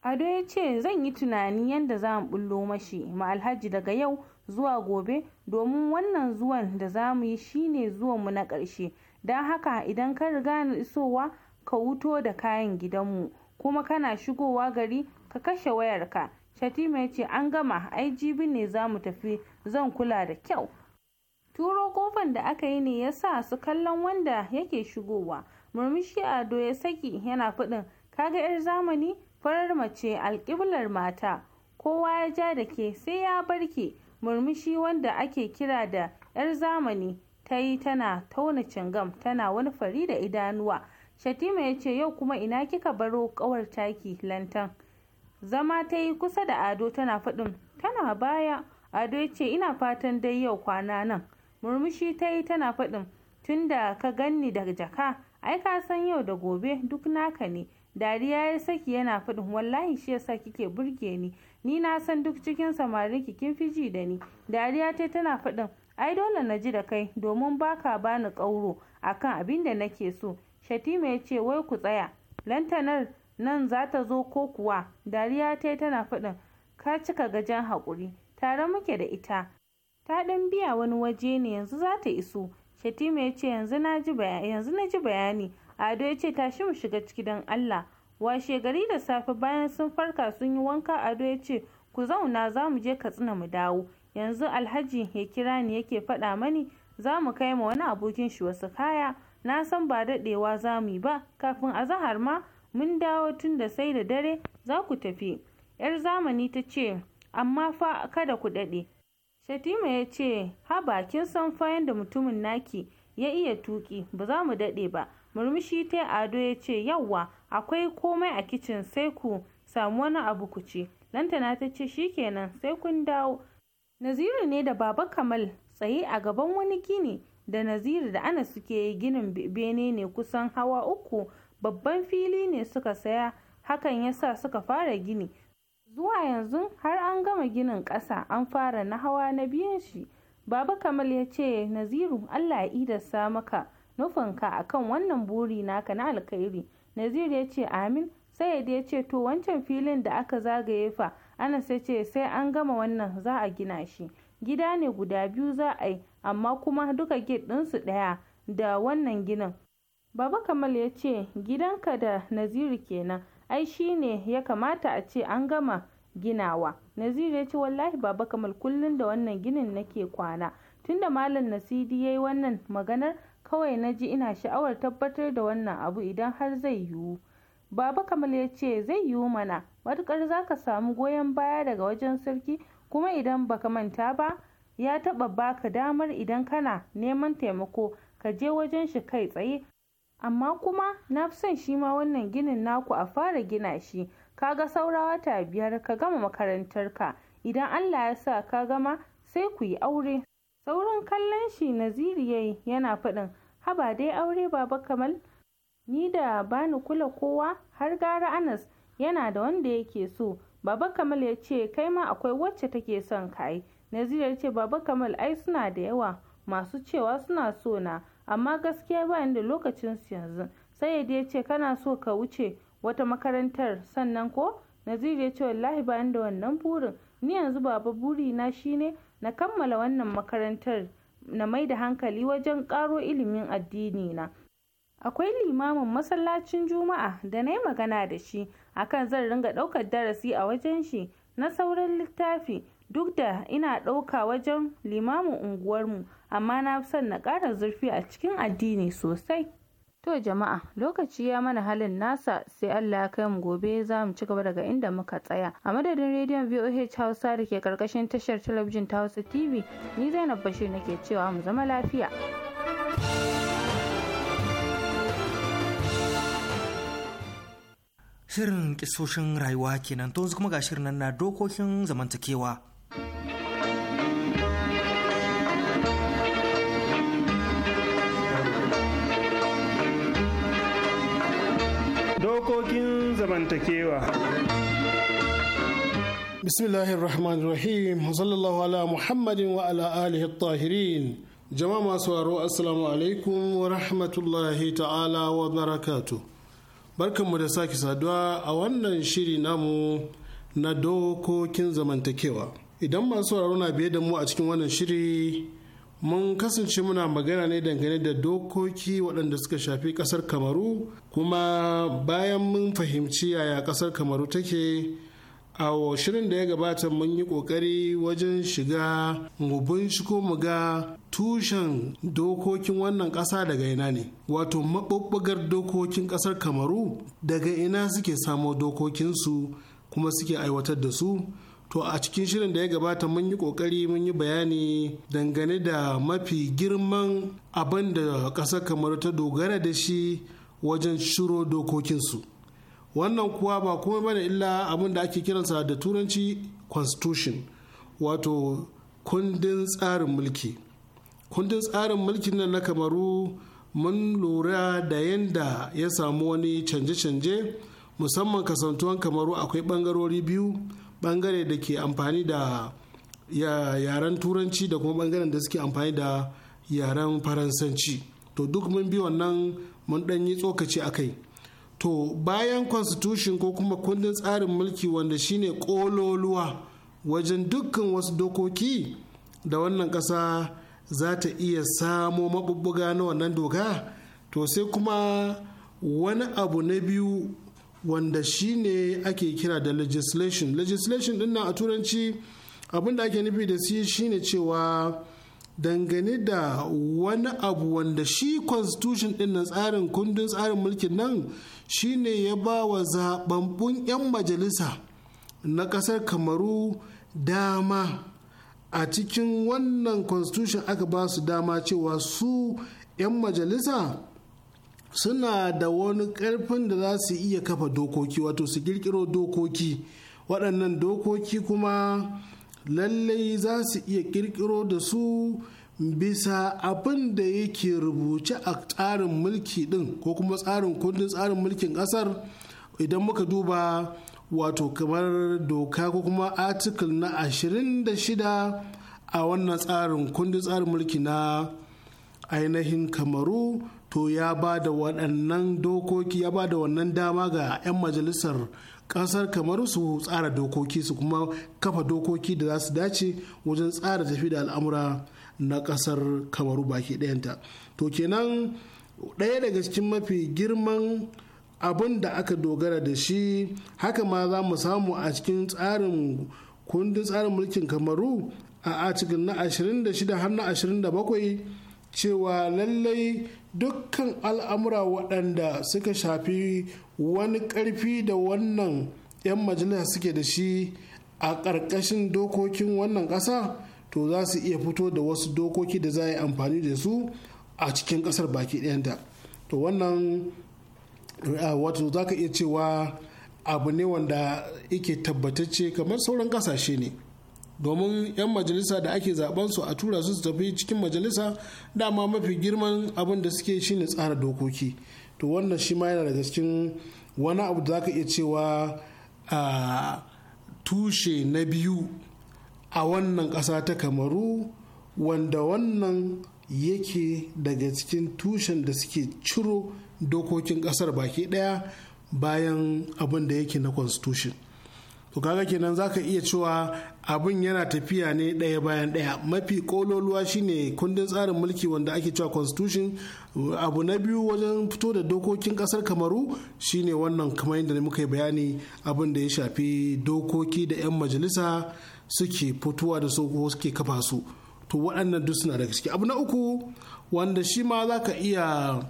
ado ya ce zan yi tunani yadda za mu bullo mashi ma alhaji daga yau zuwa gobe domin wannan zuwan da za mu yi shine mu na ƙarshe don haka idan ka riga ni isowa ka wuto da kayan gidanmu kuma kana shigowa gari ka kashe wayarka shatima ya ce an gama ai jibi ne za mu tafi zan kula da kyau turo kofan da aka yi ne ya sa su kallon wanda yake shigowa murmushi ado ya saki yana faɗin kaga 'yar zamani farar mace alƙiblar mata kowa ya ja da ke sai ya barke murmushi wanda ake kira da 'yar zamani ta yi tana tauna cingam tana wani fari da idanuwa shatima ya ce yau kuma ina kika baro kawar taki lantan zama ta yi kusa da ado tana faɗin tana baya ado ya ce ina fatan dai yau kwana nan murmushi ta yi tana faɗin tunda ka ganni da jaka ai ka san yau da gobe duk naka ne dariya ya saki yana faɗin wallahi shi yasa kike burge ni ni na san duk cikin samarin ki kin fiji da ni dariya ta tana faɗin ai dole na ji da kai domin baka bani ƙauro akan abin da nake so shatima ya ce wai ku tsaya lantanar nan za ta zo ko kuwa dariya ta tana faɗin ka cika gajen haƙuri tare muke da ita ta ɗan biya wani waje ne yanzu za ta iso shatima ya ce yanzu na ji bayani ado ya ce tashi mu shiga ciki don allah washe gari da safe bayan sun farka sun yi wanka ado ya ce ku zauna za mu je katsina mu dawo yanzu alhaji ya kira ni yake faɗa mani za mu kai ma wani abokin shi wasu kaya na san ba daɗewa za mu yi ba kafin a zahar ma mun dawo tun da sai da dare za ku tafi yar zamani ta ce amma fa kada ku daɗe shatima ya ce haba kin san fa yadda mutumin naki ya iya tuki ba za mu daɗe ba murmushi ta ado ya ce yawwa akwai komai a kicin sai ku samu wani abu ku ci lantana ta ce shikenan sai kun dawo naziru ne da baba kamal tsaye a gaban wani gini da naziru da ana suke yi ginin bene ne kusan hawa uku babban fili ne suka saya hakan ya sa suka fara gini zuwa yanzu har an gama ginin ƙasa an fara na hawa na biyan shi baba kamal ya ce naziru allah ya idasa maka nufinka akan wannan buri naka na alkhairi naziru ya ce amin sai ya ce to wancan filin da aka zagaye fa ana sai ce sai an gama wannan za a gina shi gida ne guda biyu za a yi amma kuma duka gate ɗinsu ɗaya da wannan ginin Baba Kamal ya ce gidanka da Naziru kenan, ai shi ne ya kamata a ce an gama ginawa. Naziru ya ce wallahi Baba Kamal kullum da wannan ginin nake kwana. Tunda Malam Nasidi ya yi wannan maganar kawai na ji ina sha'awar tabbatar da wannan abu idan har zai yiwu. Baba Kamal ya ce zai yiwu mana matuƙar za ka samu goyon baya daga wajen sarki kuma idan baka manta ba ya taɓa baka damar idan kana neman taimako ka je wajen shi kai tsaye amma kuma na fi son shi ma wannan ginin naku a fara gina shi ka ga saura wata biyar ka gama makarantarka idan allah ya sa ka gama sai ku yi aure saurin kallon shi naziri yayi yana faɗin haba dai aure baba kamal ni da bani kula kowa har gara anas yana da wanda yake so baba kamal ya ce kai ma akwai wacce take son ka yi naziri ya ce baba kamal ai suna da yawa masu cewa suna so na amma gaskiya ba inda da lokacin su yanzu sai ya ce kana so ka wuce wata makarantar sannan ko naziru ya ce wallahi ba inda da wannan burin ni yanzu baba buri na shine na kammala wannan makarantar na mai da hankali wajen karo ilimin addini na akwai limamin masallacin juma'a da na yi magana da shi akan zan ringa ɗaukar darasi a wajen shi na sauran littafi duk da ina ɗauka wajen limamin unguwarmu amma na son na ƙara zurfi a cikin addini sosai to jama'a lokaci ya mana halin nasa sai allah ya kai mu gobe za mu ci gaba daga inda muka tsaya a madadin rediyon voh hausa da ke ƙarƙashin tashar talabijin ta hausa tv ni zainab bashir nake cewa mu zama lafiya shirin kisoshin rayuwa kenan to kuma ga shirin na dokokin zamantakewa Dokokin zamantakewa. Bismillahir Rahmanir Rahim, sallallahu ala Muhammadin wa ala alihi tahirin. Jama'a masu waro Assalamu alaikum wa rahmatullahi ta'ala wa barakatu. Barkanmu da sake saduwa a wannan shiri namu na dokokin zamantakewa. Idan masu sauraro na biye da mu a cikin wannan shiri mun kasance muna magana ne dangane da dokoki waɗanda suka shafi ƙasar kamaru kuma bayan mun fahimci yaya ƙasar kamaru take a shirin da ya gabata mun yi ƙoƙari wajen shiga mu binciko mu ga tushen dokokin wannan ƙasa daga ina ne wato maɓuɓɓugar dokokin ƙasar kamaru daga ina suke samo dokokinsu kuma suke aiwatar da su To a cikin shirin da ya gabata mun yi kokari mun yi bayani dangane da mafi girman abin da ƙasar kamar ta dogara da shi wajen shiro dokokinsu. Wannan kuwa ba kuma bane illa abin da ake kiransa da turanci constitution wato kundin tsarin mulki. Kundin tsarin mulkin nan na kamaru mun lura da yadda ya samu wani canje-canje musamman kasantuwan kamaru akwai bangarori biyu. bangare da ke amfani da yaren turanci da kuma bangaren da suke amfani da yaren faransanci to duk mun bi wannan mun dan yi tsokaci a kai to bayan constitution ko kuma kundin tsarin mulki wanda shine kololuwa wajen dukkan wasu dokoki da wannan ƙasa za ta iya samo maɓuɓɓuga na wannan doka to sai kuma wani abu na biyu wanda shi ne ake kira da legislation legislation din na a turanci abin da ake nufi da shi shine cewa dangane da wani abu wanda shi constitution din na tsarin kundin tsarin mulkin nan shine ya ba wa zababbun 'yan majalisa na ƙasar kamaru dama a cikin wannan constitution aka ba su dama cewa su 'yan majalisa suna da wani karfin da za su iya kafa dokoki wato su kirkiro dokoki waɗannan dokoki kuma lallai za su iya kirkiro da su bisa abin da yake rubuce a tsarin mulki ɗin ko kuma tsarin kundin tsarin mulkin ƙasar idan muka duba wato kamar doka ko kuma article na 26 a wannan tsarin kundin tsarin mulki na ainihin kamaru to ya ba da waɗannan dokoki ya ba da wannan dama ga 'yan majalisar ƙasar kamar su tsara dokoki su kuma kafa dokoki da za su dace wajen tsara tafi da al'amura na ƙasar kamaru baki ɗayanta to kenan ɗaya daga cikin mafi girman abin da aka dogara da shi haka ma za mu samu a cikin tsarin kundin tsarin mulkin kamaru a cikin na 26 har na 27 cewa lallai dukkan al'amura waɗanda suka shafi wani ƙarfi da wannan 'yan majalisa suke da shi a ƙarƙashin dokokin wannan ƙasa to za su iya fito da wasu dokoki da za a yi amfani da su a cikin ƙasar baki ɗayanta to wannan wato za ka iya cewa abu ne wanda yake tabbatacce kamar sauran ƙasashe ne domin 'yan majalisa da ake zaben su a tura su su tafi cikin majalisa dama mafi girman abin da suke shine tsara dokoki to wannan shi ma yana daga cikin wani abu da zaka iya cewa a tushe na biyu a wannan ƙasa ta kamaru wanda wannan yake daga cikin tushen da suke ciro dokokin ƙasar baki ɗaya bayan abin da yake na constitution to kaga kenan zaka iya cewa abin yana tafiya ne ɗaya bayan ɗaya mafi kololuwa shine kundin tsarin mulki wanda ake cewa constitution abu na biyu wajen fito da dokokin kasar kamaru shine wannan kamar yadda muka yi bayani abin da ya shafi dokoki da 'yan majalisa suke fitowa da su suke kafa su to waɗannan duk suna daga ciki abu na uku wanda shi ma zaka iya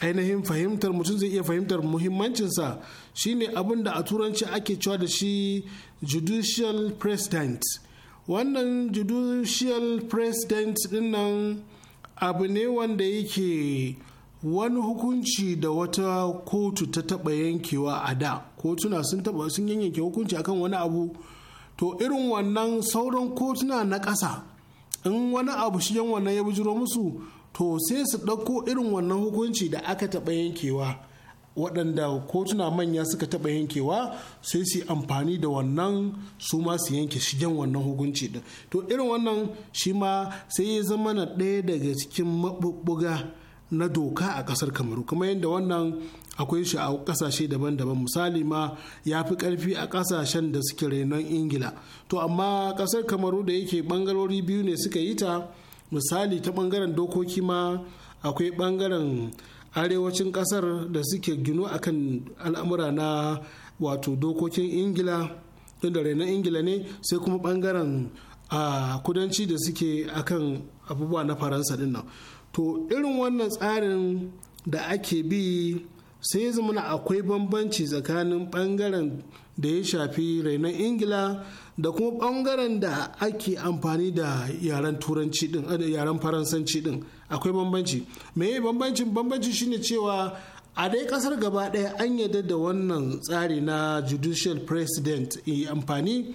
ainihin fahimtar mutum zai iya fahimtar muhimmancinsa shine abin da a turanci ake cewa da shi judicial president wannan judicial president dinnan abu ne wanda yake wani hukunci da wata kotu ta taba yankewa a da kotuna sun taba sun yanke hukunci akan wani abu to irin wannan sauran kotuna na ƙasa in wani abu shi yan wannan ya bujiro musu to sai su ɗauko irin wannan hukunci da aka taɓa yankewa waɗanda kotuna manya suka taɓa yankewa sai su amfani da wannan su ma su yanke shigen wannan hukunci da to irin wannan shi ma sai ya zama na ɗaya daga cikin maɓuɓɓuga na doka a ƙasar kamaru kuma yadda wannan akwai shi a ƙasashe daban-daban misali ma ya fi ƙarfi a ƙasashen da suke renon ingila to amma ƙasar kamaru da yake ɓangarori biyu ne suka yi ta misali ta bangaren dokoki ma akwai bangaren arewacin kasar da suke ginu akan al'amura na wato dokokin ingila da na ingila ne sai kuma bangaren a kudanci da suke akan abubuwa na faransa din nan to irin wannan tsarin da ake bi sai zama akwai bambanci tsakanin bangaren da ya shafi rainon ingila da kuma bangaren da ake amfani da yaren turanci din yaren faransanci din akwai bambanci me bambancin bambanci shine cewa a dai kasar gaba daya an yadda da wannan tsari na judicial president yi e, amfani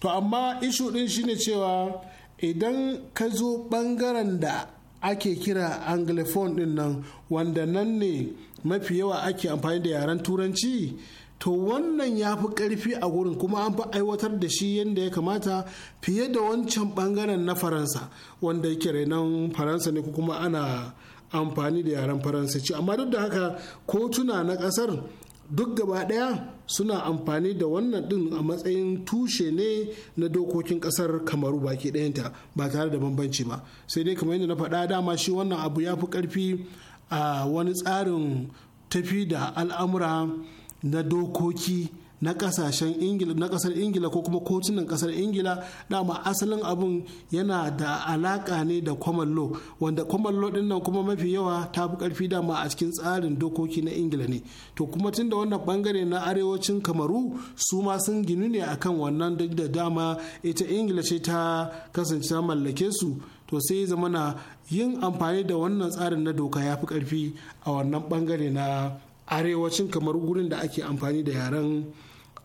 to amma ishu din shine cewa idan ka zo bangaren da ake kira anglophone din nan wanda nan ne mafi yawa ake amfani da yaren turanci to wannan ya fi ƙarfi a gurin kuma an fi aiwatar da shi yadda ya kamata fiye da wancan ɓangaren na faransa wanda yake renon faransa ne kuma ana amfani da yaren faransanci amma duk da haka kotuna na ƙasar duk gaba ɗaya suna amfani da wannan ɗin a matsayin tushe ne na dokokin ƙasar kamaru baki ɗayanta ba tare da bambanci ba sai dai kamar yadda na faɗa dama shi wannan abu ya fi ƙarfi a wani tsarin tafi da al'amura na dokoki na kasashen ingila na kasar ingila ko kuma kotunan kasar ingila dama asalin abun yana da alaka ne da common law wanda common law din kuma mafi yawa ta fi karfi dama a cikin tsarin dokoki na ingila ne to kuma tun da wannan bangare na arewacin kamaru su ma sun ginu ne akan wannan duk da dama ita ingila ce ta kasance ta mallake su to sai ya zamana yin amfani da wannan tsarin na doka ya fi karfi a wannan bangare na arewacin kamar gurin da ake amfani da yaren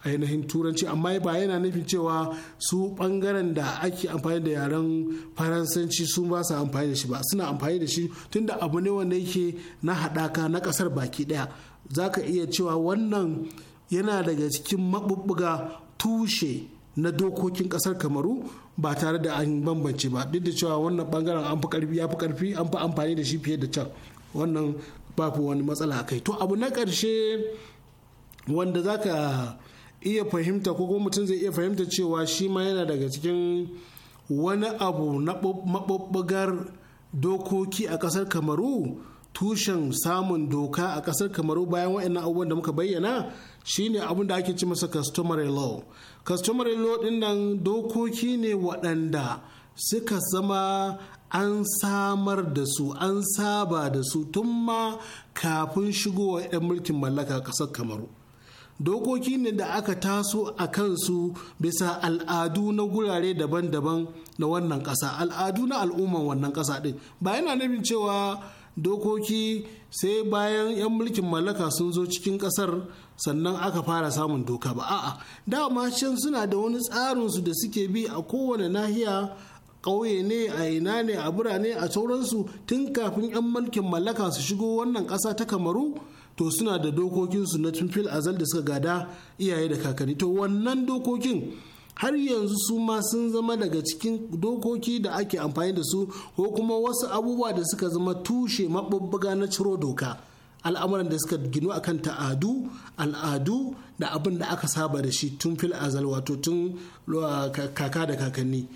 ainihin turanci amma ba yana nufin cewa su bangaren da ake amfani da yaren faransanci su ba su amfani da shi ba suna amfani da shi tunda abu ne wanda yake na haɗaka na ƙasar baki ɗaya za ka iya cewa wannan yana daga cikin maɓuɓɓuga tushe na dokokin ƙasar kamaru ba tare da an bambance ba duk da cewa wannan bangaren an fi ƙarfi ya fi ƙarfi an fi amfani da shi fiye da can wannan babu wani matsala a kai to abu na ƙarshe wanda za ka iya fahimta ko kuma mutum zai iya fahimta cewa shi ma yana daga cikin wani abu na maɓuɓɓugar dokoki a ƙasar kamaru tushen samun doka a ƙasar kamaru bayan waɗannan abubuwan da muka bayyana shine abin da ake ci masa customary law customary law ɗin dokoki ne waɗanda suka zama an samar da su an saba da su tun ma kafin shigowa 'yan mulkin mallaka ƙasar kamaru dokoki ne da aka taso a kansu bisa al'adu na gurare daban-daban na wannan ƙasa al'adu na al'umman wannan ƙasa ɗin ba yana nufin cewa dokoki sai bayan 'yan mulkin mallaka sun zo cikin ƙasar sannan aka fara samun doka ba a'a dama can suna da wani tsarinsu da suke bi a kowane nahiya ƙauye ne a ina ne a birane a sauransu tun kafin 'yan mulkin mallaka su shigo wannan ƙasa ta kamaru to suna da dokokinsu na tun azal da suka gada iyaye da kakanni to wannan dokokin har yanzu su ma sun zama daga cikin dokoki da ake amfani da su ko kuma wasu abubuwa da suka zama tushe mabubbuga na ciro doka al'amuran da suka ginu kan ta'adu al'adu da abin da aka saba da shi tun fil azal wato tun uh, kaka da kakanni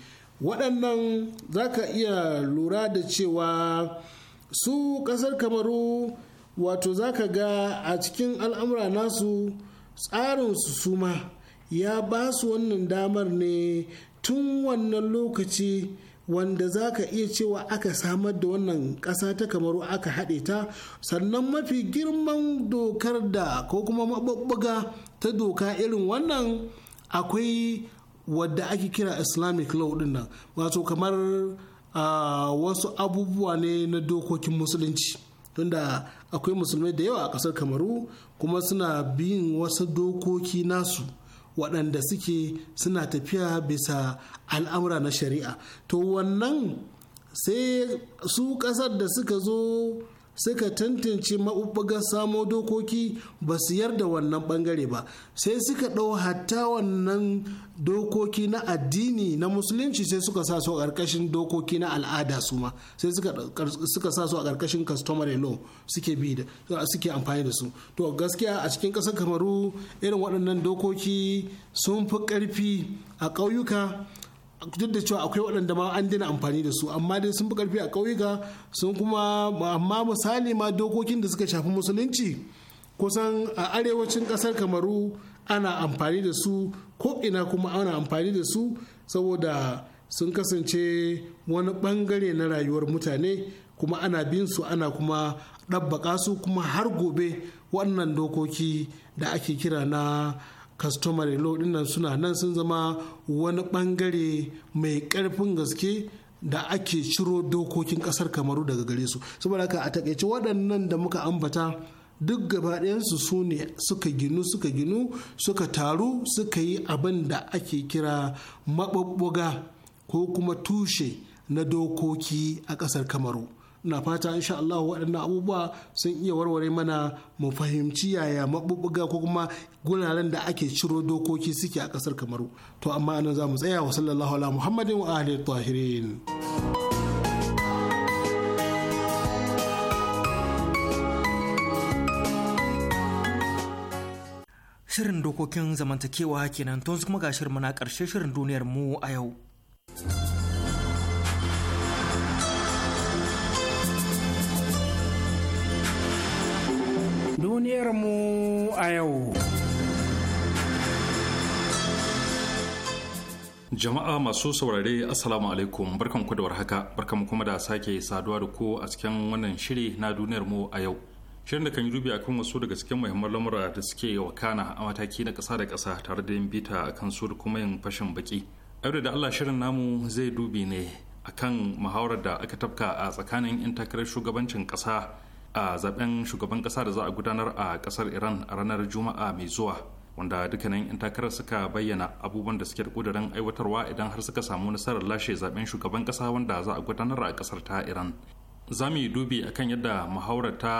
waɗannan za ka iya lura da cewa su ƙasar kamaru wato za ka ga a cikin al'amura nasu su suma ya ba su wannan damar ne tun wannan lokaci wanda za ka iya cewa aka samar da wannan ƙasa ta kamaru aka haɗe ta sannan mafi girman dokar da ko kuma mabubbuga ta doka irin wannan akwai wadda ake kira islamic law din nan wato kamar wasu abubuwa ne na dokokin musulunci tunda akwai musulmai da yawa a kasar kamaru kuma suna biyin wasu dokoki nasu waɗanda suke suna tafiya bisa al'amura na shari'a to wannan sai su ƙasar da suka zo suka tantance maɓuɓɓugar samo dokoki ba su yarda wannan ɓangare ba sai suka ɗau hatta wannan dokoki na addini na musulunci sai suka sa su a ƙarƙashin dokoki na al'ada su ma sai suka sa su a ƙarƙashin customary law suke bi da suke amfani da su to gaskiya a cikin ƙasar kamaru irin waɗannan dokoki sun fi ƙarfi a ƙauyuka duk da cewa akwai waɗanda ma an daina amfani da su amma dai sun fi karfi a ƙauyuka sun kuma amma misali ma dokokin da suka shafi musulunci kusan a arewacin ƙasar kamaru ana amfani da su ko ina kuma ana amfani da su saboda sun kasance wani ɓangare na rayuwar mutane kuma ana bin su ana kuma ɗabbaƙa su kuma har gobe wannan dokoki da ake kira na customary law dinnan suna nan sun zama wani bangare mai karfin gaske da ake ciro dokokin kasar kamaru daga gare su saboda haka a takaice waɗannan da muka ambata duk gaba su ne suka ginu suka ginu suka taru suka yi abin da ake kira mababboga ko kuma tushe na dokoki a ƙasar kamaru na fata insha Allah waɗannan abubuwa sun iya warware mana mu fahimci yaya maɓuɓɓuga ko kuma guraren da ake ciro dokoki suke a ƙasar kamaru to amma anan za mu tsaya wa sallallahu ala muhammadin wa ahli tahirin Shirin dokokin zamantakewa kenan tun kuma ga shirin mana ƙarshe shirin duniyar mu a yau. duniyarmu a yau. Jama'a masu saurare Assalamu alaikum barkanku da warhaka barkanku kuma da sake saduwa da ku a cikin wannan shiri na duniyarmu a yau. Shirin da kan yi dubi a kan wasu daga cikin muhimman lamura da suke wakana a mataki na kasa da kasa tare da yin bita a kan su da kuma yin fashin baki. Aure da Allah shirin namu zai dubi ne akan muhawarar da aka tafka a tsakanin intakarar shugabancin ƙasa a zaben shugaban kasa da za a gudanar a kasar iran a ranar juma'a mai zuwa wanda dukkanin 'yan takarar suka bayyana abubuwan da suke kudurin aiwatarwa idan har suka samu nasarar lashe zaben shugaban kasa wanda za a gudanar a kasar ta iran za mu yi dubi akan yadda muhawarar ta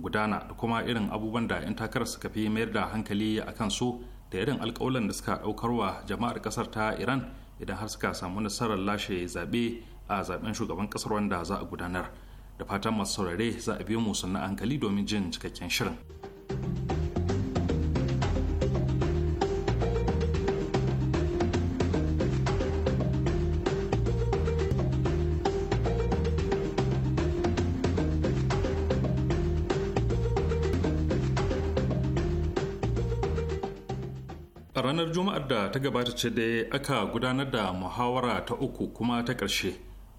gudana da kuma irin abubuwan da 'yan takarar suka fi mayar da hankali akan su da irin alkawalan da suka daukarwa jama'ar kasar ta iran idan har suka samu nasarar lashe zaɓe a zaben shugaban kasar wanda za a gudanar da fatan masu saurare za a biyo mu sannan hankali domin jin cikakken shirin. ranar juma'ar da ta gabata ce dai aka gudanar da muhawara ta uku kuma ta ƙarshe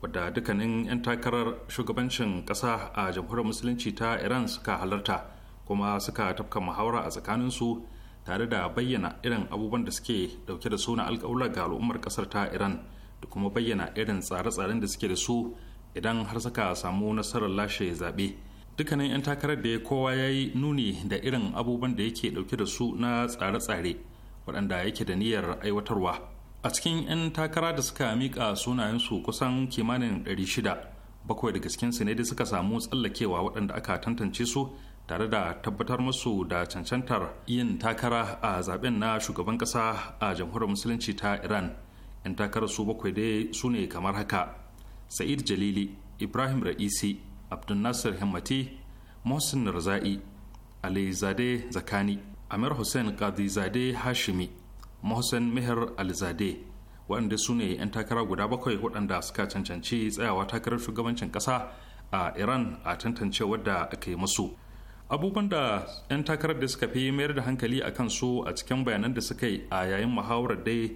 wadda dukkanin 'yan takarar shugabancin ƙasa a jamhuriyar musulunci ta iran suka halarta kuma suka tafka muhawara a tsakaninsu tare da bayyana irin abubuwan da suke dauke da su na ga al'ummar kasar ta iran da kuma bayyana irin tsare-tsaren da suke da su idan har suka samu nasarar lashe zaɓe dukkanin 'yan takarar da kowa ya yi nuni da irin abubuwan da yake dauke da su na tsare-tsare waɗanda yake da niyyar aiwatarwa a cikin 'yan takara da suka mika sunayensu kusan kimanin 600 bakwai daga cikinsu ne da suka samu tsallakewa waɗanda aka tantance su tare da tabbatar musu da cancantar yin takara a zaben na shugaban ƙasa a jamhuriyar musulunci ta iran 'yan takarar su bakwai dai su ne kamar haka sa'id jalili ibrahim ra'isi abdul nasir himmati mohsin raza'i ali zade zakani amir hussein qadi zade hashimi mohsen mihir alizade waɗanda su ne 'yan takara guda bakwai waɗanda suka cancanci tsayawa takarar shugabancin ƙasa a iran a tantance wadda aka yi musu abubuwan da 'yan takarar da suka fi mayar da hankali a kansu su a cikin bayanan da suka yi a yayin muhawarar dai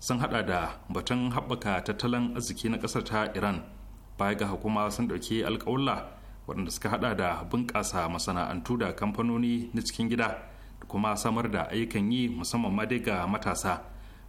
sun hada da batun haɓaka tattalin arziki na ƙasar ta iran baya ga hukuma sun ɗauki alƙawalla waɗanda suka hada da bunƙasa masana'antu da kamfanoni na cikin gida kuma samar da ayyukan yi musamman ma dai ga matasa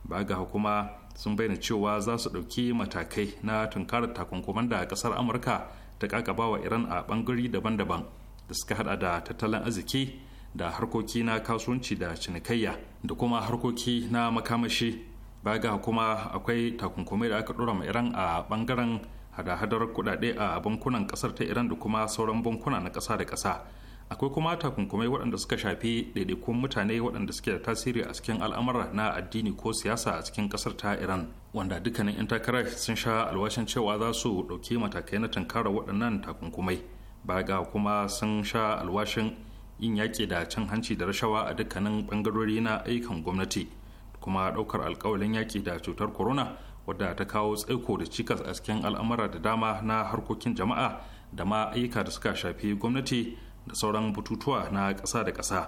ba ga hukuma sun bayyana cewa za su ɗauki matakai na tunkarar takunkuman da ƙasar amurka ta kakaba wa iran a ɓangare daban-daban da suka hada da tattalin arziki da harkoki na kasuwanci da cinikayya da kuma harkoki na makamashi ba ga kuma akwai takunkumai da aka ɗora ma iran a ɓangaren hada-hadar kuɗaɗe a bankunan ƙasar ta iran da kuma sauran bankuna na ƙasa da ƙasa akwai kuma takunkumai waɗanda suka shafi ɗaiɗaikun mutane waɗanda suke da tasiri a cikin al'amura na addini ko siyasa a cikin ƙasar ta iran wanda dukkanin 'yan takara sun sha alwashin cewa za su ɗauki matakai na tunkara waɗannan takunkumai baga kuma sun sha alwashin yin yaƙi da cin hanci da rashawa a dukkanin ɓangarori na ayyukan gwamnati kuma ɗaukar alƙawalin yaƙi da cutar corona wadda ta kawo tsaiko da cikas a cikin al'amura da dama na harkokin jama'a da ma ayyuka da suka shafi gwamnati da sauran bututuwa na ƙasa da ƙasa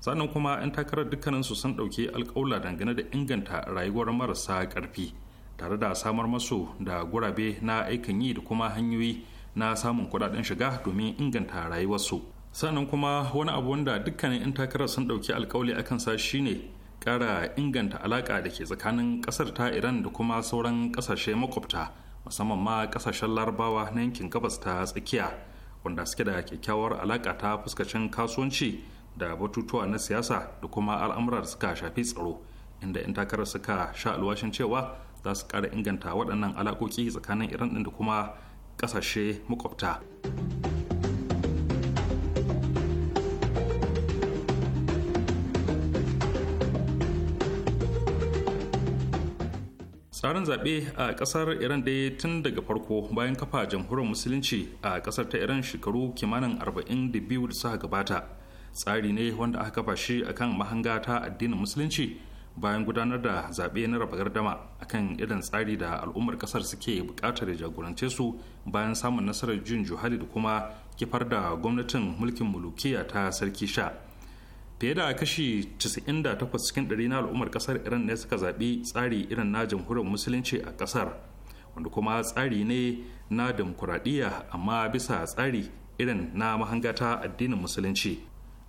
sannan kuma 'yan takarar dukkaninsu sun ɗauki alƙawla dangane da inganta rayuwar marasa ƙarfi tare da samar masu da gurabe na aikin yi da kuma hanyoyi na samun kuɗaɗen shiga domin inganta rayuwarsu sannan kuma wani abu wanda dukkanin 'yan takarar sun ɗauki alƙawli akan sa shine ƙara inganta alaƙa da ke tsakanin ƙasar ta iran da kuma sauran ƙasashe makwabta musamman ma ƙasashen larabawa na yankin gabas ta tsakiya wanda suke da kyakkyawar alaƙa ta fuskacin kasuwanci da batutuwa na siyasa da kuma al'amura da suka shafi tsaro inda 'yan takarar suka sha alwashin cewa za su ƙara inganta waɗannan alaƙoƙi tsakanin iran ɗin da kuma ƙasashe makwabta. tsarin zaɓe a ƙasar iran ɗaya tun daga farko bayan kafa jamhuriyar musulunci a ƙasar ta iran shekaru kimanin 42 da suka gabata tsari ne wanda aka kafa shi akan mahanga ta addinin musulunci bayan gudanar da zaɓe na raba gardama akan irin tsari da al'ummar ƙasar suke buƙatar jagorance su bayan samun nasarar jin juhali da kuma kifar da gwamnatin mulkin mulukiya ta sarki sha fiye da kashi 98 cikin ɗari na al'ummar ƙasar iran ne suka zaɓi tsari irin na jamhuriyar musulunci a ƙasar wanda kuma tsari ne na demokuraɗiyya amma bisa tsari irin na mahangata addinin musulunci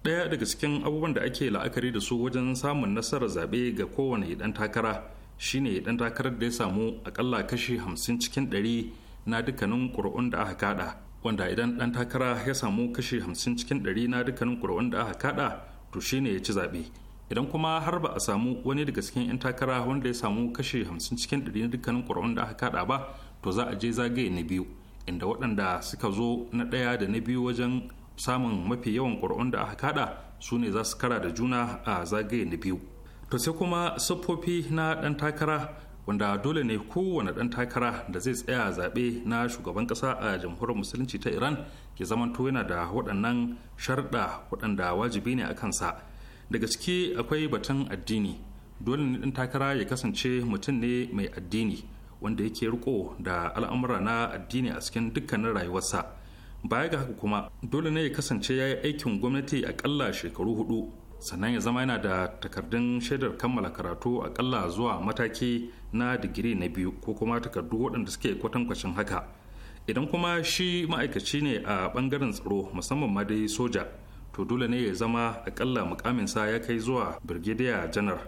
ɗaya daga cikin abubuwan da ake la'akari da su wajen samun nasarar zaɓe ga kowane ɗan takara shine ɗan takarar da ya samu akalla kashi 50 cikin 100 na dukkanin ƙuri'un da aka kada wanda idan ɗan takara ya samu kashi 50 cikin 100 na dukkanin ƙuri'un da aka kada to shine ya ci zaɓe idan kuma har ba a samu wani daga cikin 'yan takara wanda ya samu kashe 50 cikin 100 na dukkanin ƙwararrun da aka kada ba to za a je zagaye na biyu inda waɗanda suka zo na ɗaya da na biyu wajen samun mafi yawan ƙwararrun da aka kada su ne za su kara da juna a zagaye na biyu to sai kuma siffofi na ɗan takara wanda dole ne kowane ɗan takara da zai tsaya zaɓe na shugaban ƙasa a jamhuriyar musulunci ta iran ke zamanto yana da waɗannan sharɗa waɗanda wajibi ne a kansa daga ciki akwai batun addini dole ne ɗan takara ya kasance mutum ne mai addini wanda yake riko da al'amura na addini a cikin dukkanin rayuwarsa baya ga haka kuma dole ne ya kasance ya yi aikin gwamnati akalla shekaru hudu sannan ya zama yana da takardun shaidar kammala karatu akalla zuwa mataki na digiri na biyu ko kuma takardu waɗanda suke kwatankwacin haka idan kuma shi ma'aikaci ne a ɓangaren tsaro musamman ma dai soja to dole ne ya zama akalla mukaminsa ya kai zuwa birgidiya janar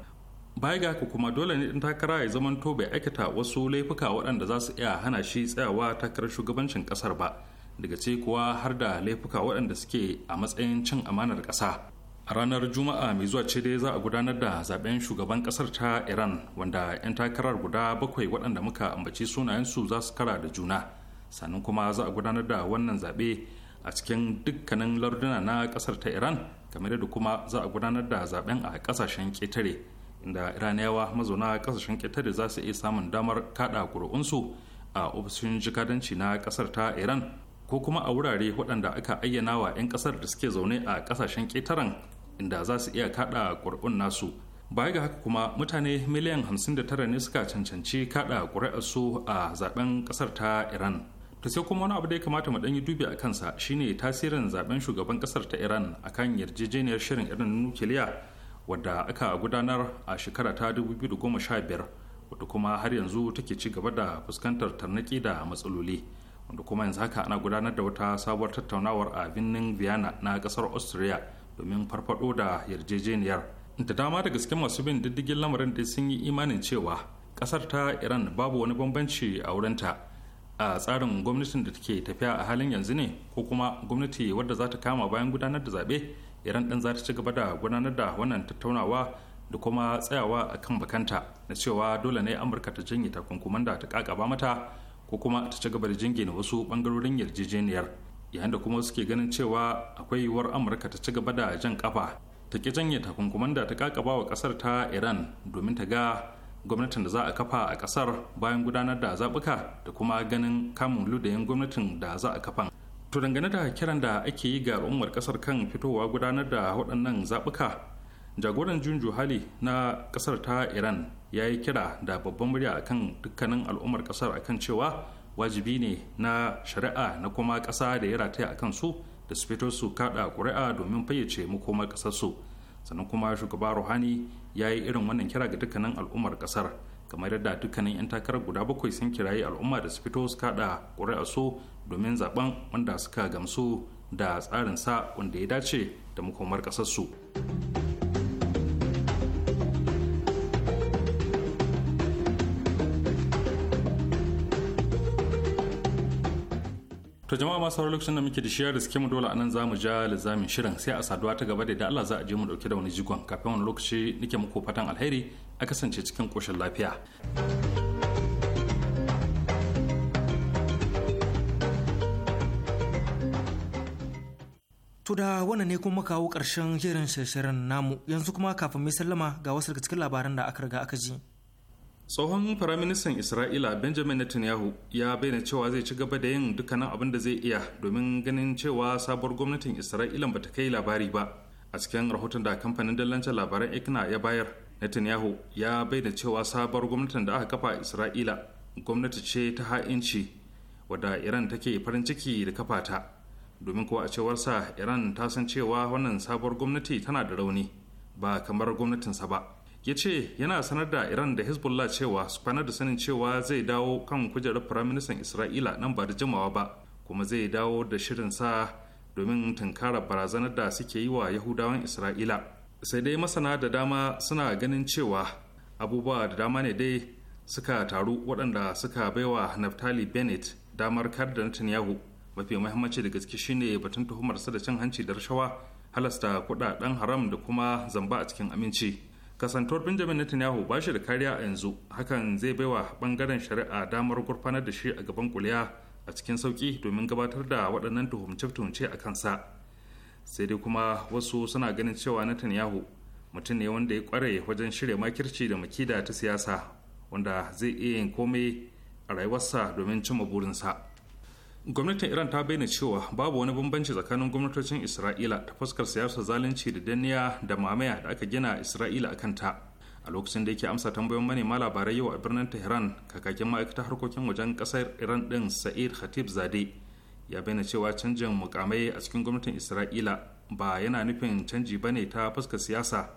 baya ga haka kuma dole ne ɗin takara ya zama to bai aikata wasu laifuka waɗanda za su iya hana shi tsayawa takarar shugabancin ƙasar ba daga ce kuwa har da laifuka waɗanda suke a matsayin cin amanar ƙasa a ranar juma'a mai zuwa ce dai za a gudanar da zaben shugaban kasar ta iran wanda 'yan takarar guda bakwai waɗanda muka ambaci sunayensu za su kara da juna sannan kuma za a gudanar da wannan zaɓe a cikin dukkanin larduna na ƙasar ta iran kamar da kuma za a gudanar da zaben a ƙasashen ƙetare inda iraniyawa mazauna ƙasashen ƙetare za su iya samun damar kaɗa ƙuri'unsu a ofishin jikadanci na ƙasar ta iran ko kuma a wurare waɗanda aka ayyana wa 'yan ƙasar da suke zaune a ƙasashen ƙetaren inda za su iya kaɗa ƙuri'un nasu baya ga haka kuma mutane miliyan 59 ne suka cancanci kaɗa su a zaben ƙasar ta iran ta sai kuma wani abu da ya kamata mu yi dubi a kansa shine tasirin zaben shugaban ƙasar ta iran akan yarjejeniyar shirin irin nukiliya wadda aka gudanar a shekara ta 2015 wadda kuma har yanzu take ci gaba da fuskantar tarnaki da matsaloli wanda kuma yanzu haka ana gudanar da wata sabuwar tattaunawar a birnin vienna na ƙasar austria domin farfado da yarjejeniyar da dama da gaske masu bin diddigin lamarin da sun yi imanin cewa kasar ta iran babu wani bambanci a wurinta a tsarin gwamnatin da take tafiya a halin yanzu ne ko kuma gwamnati wadda za ta kama bayan gudanar da zaɓe iran ɗin za ta ci gaba da gudanar da wannan tattaunawa da kuma tsayawa a kan bakanta na cewa dole ne amurka ta janye takunkuman da ta kakaba mata ko kuma ta ci gaba da jingina wasu bangarorin yarjejeniyar yayin da kuma suke ganin cewa akwai yiwuwar amurka ta ci gaba da jan kafa ta ki janye takunkuman da ta kakaba wa kasar ta iran domin ta ga gwamnatin da za a kafa a kasar bayan gudanar da zaɓuka da kuma ganin kamun ludayin gwamnatin da za a kafa to dangane da kiran da ake yi ga al'ummar kasar kan fitowa gudanar da waɗannan zaɓuka jagoran junju hali na kasar ta iran ya yi kira da babban murya akan dukkanin al'ummar kasar akan cewa wajibi ne na shari'a na kuma ƙasa da ya rataya a kansu da su fito su kaɗa ƙuri'a domin fayyace makomar ƙasarsu sannan kuma shugaba ruhani ya yi irin wannan kira ga dukkanin al'ummar ƙasar kamar yadda dukkanin 'yan takarar guda bakwai sun kirayi al'umma da su fito su kaɗa ƙuri'a su domin zaben wanda suka gamsu da tsarin sa wanda ya dace da makomar ƙasarsu. su to jama'a masu sauran lokacin da muke da shiyar riske mu dole anan zamu ja lizamin shirin sai a saduwa ta gaba da da Allah za a je mu dauke da wani jigon kafin wani lokaci nake muku fatan alheri a kasance cikin koshin lafiya. To da wannan ne kuma kawo karshen shirin shirin namu yanzu kuma kafin mai sallama ga wasu daga cikin labaran da aka riga aka ji. tsohon firaministan isra'ila benjamin netanyahu ya bayyana cewa zai ci gaba da yin dukkanin abin da zai iya domin ganin cewa sabuwar gwamnatin isra'ila ba ta kai labari ba a cikin rahoton da kamfanin dallancin labaran ikna ya bayar netanyahu ya bayyana cewa sabuwar gwamnatin da aka kafa isra'ila gwamnati ce ta ha'inci wadda iran take farin ciki da kafa ta domin kuwa a cewarsa iran ta san cewa wannan sabuwar gwamnati tana da rauni ba kamar gwamnatinsa ba ya ce yana sanar da iran da hezbollah cewa su kwanar da sanin cewa zai dawo kan kujerar firaministan isra'ila nan ba da jimawa ba kuma zai dawo da shirin sa domin tunkarar barazanar da suke yi wa yahudawan isra'ila sai dai masana da dama suna ganin cewa abubuwa da dama ne dai suka taru waɗanda suka baiwa naftali bennett damar kar da netanyahu mafi mahimmanci da gaske shine batun tuhumar tuhumarsa da cin hanci da rashawa halasta kuɗaɗen haram da kuma zamba a cikin aminci kasantar benjamin netanyahu ba shi da kariya a yanzu hakan zai baiwa bangaren shari'a damar gurfanar da shi a gaban kuliya a cikin sauki domin gabatar da waɗannan tuhumce-tuhumce a kansa sai dai kuma wasu suna ganin cewa netanyahu mutum ne wanda ya kware wajen shirya makirci da makida ta siyasa wanda zai iya yin komai a rayuwarsa domin cimma burinsa gwamnatin iran ta bayyana cewa babu wani bambanci tsakanin gwamnatocin isra'ila ta fuskar siyasar zalunci da danniya da mamaya da aka gina isra'ila a kanta a lokacin da yake amsa tambayoyin manema labarai yau a birnin tehran kakakin ma'aikatar harkokin wajen kasar iran din sa'id khatib zade ya bayyana cewa canjin mukamai a cikin gwamnatin isra'ila ba yana nufin canji ba ne ta fuskar siyasa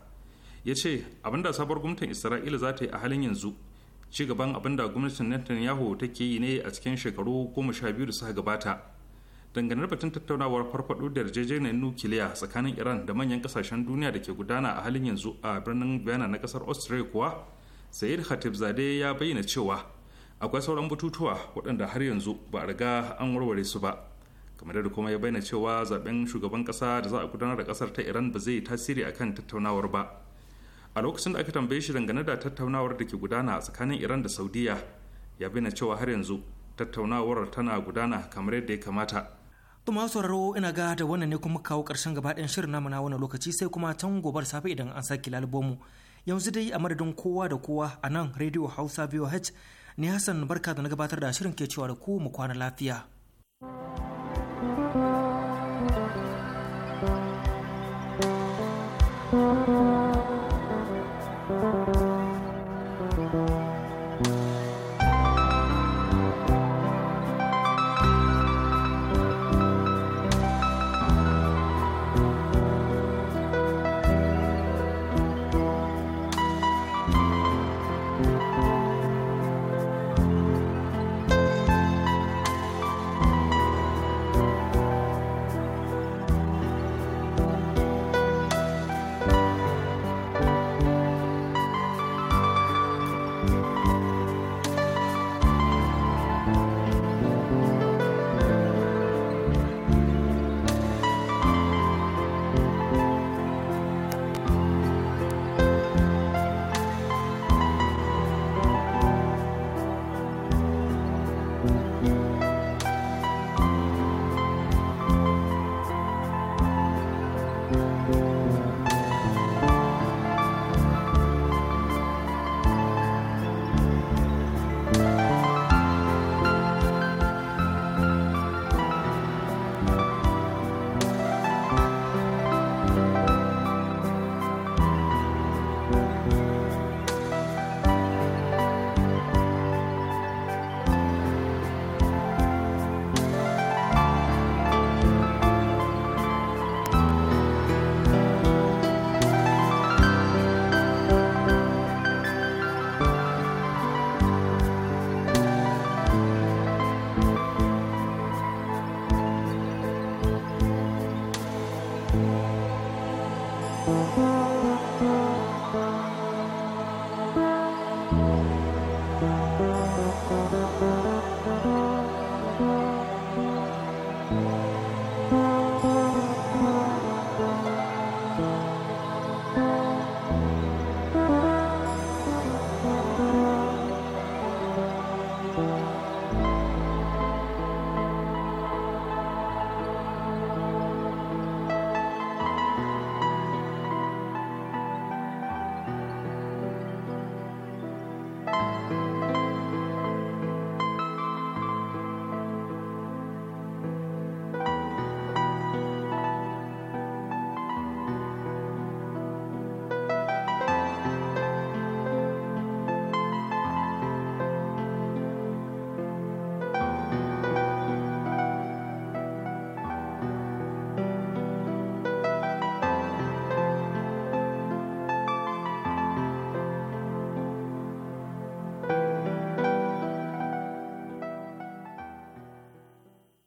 ya ce abinda sabuwar gwamnatin isra'ila za ta yi a halin yanzu ci gaban abin da gwamnatin netanyahu take yi ne a cikin shekaru goma sha biyu da suka gabata dangane batun tattaunawar farfaɗo da yarjejeniyar nukiliya tsakanin iran da manyan kasashen duniya da ke gudana a halin yanzu a birnin vienna na kasar austria kuwa sayid khatib zade ya bayyana cewa akwai sauran bututuwa waɗanda har yanzu ba a riga an warware su ba kamar da kuma ya bayyana cewa zaben shugaban ƙasa da za a gudanar da ƙasar ta iran ba zai tasiri akan tattaunawar ba a lokacin da aka tambaye shi dangane da tattaunawar da ke gudana a tsakanin iran da saudiya ya bina cewa har yanzu tattaunawar tana gudana kamar yadda ya kamata to masu sauraro ina ga da wannan ne kuma kawo karshen gaba ɗayan shirin namu na lokaci sai kuma can gobar safe idan an sake lalbomu yanzu dai a madadin kowa da kowa a nan radio hausa voh ne hassan barka da na gabatar da shirin ke cewa da ku mu kwana lafiya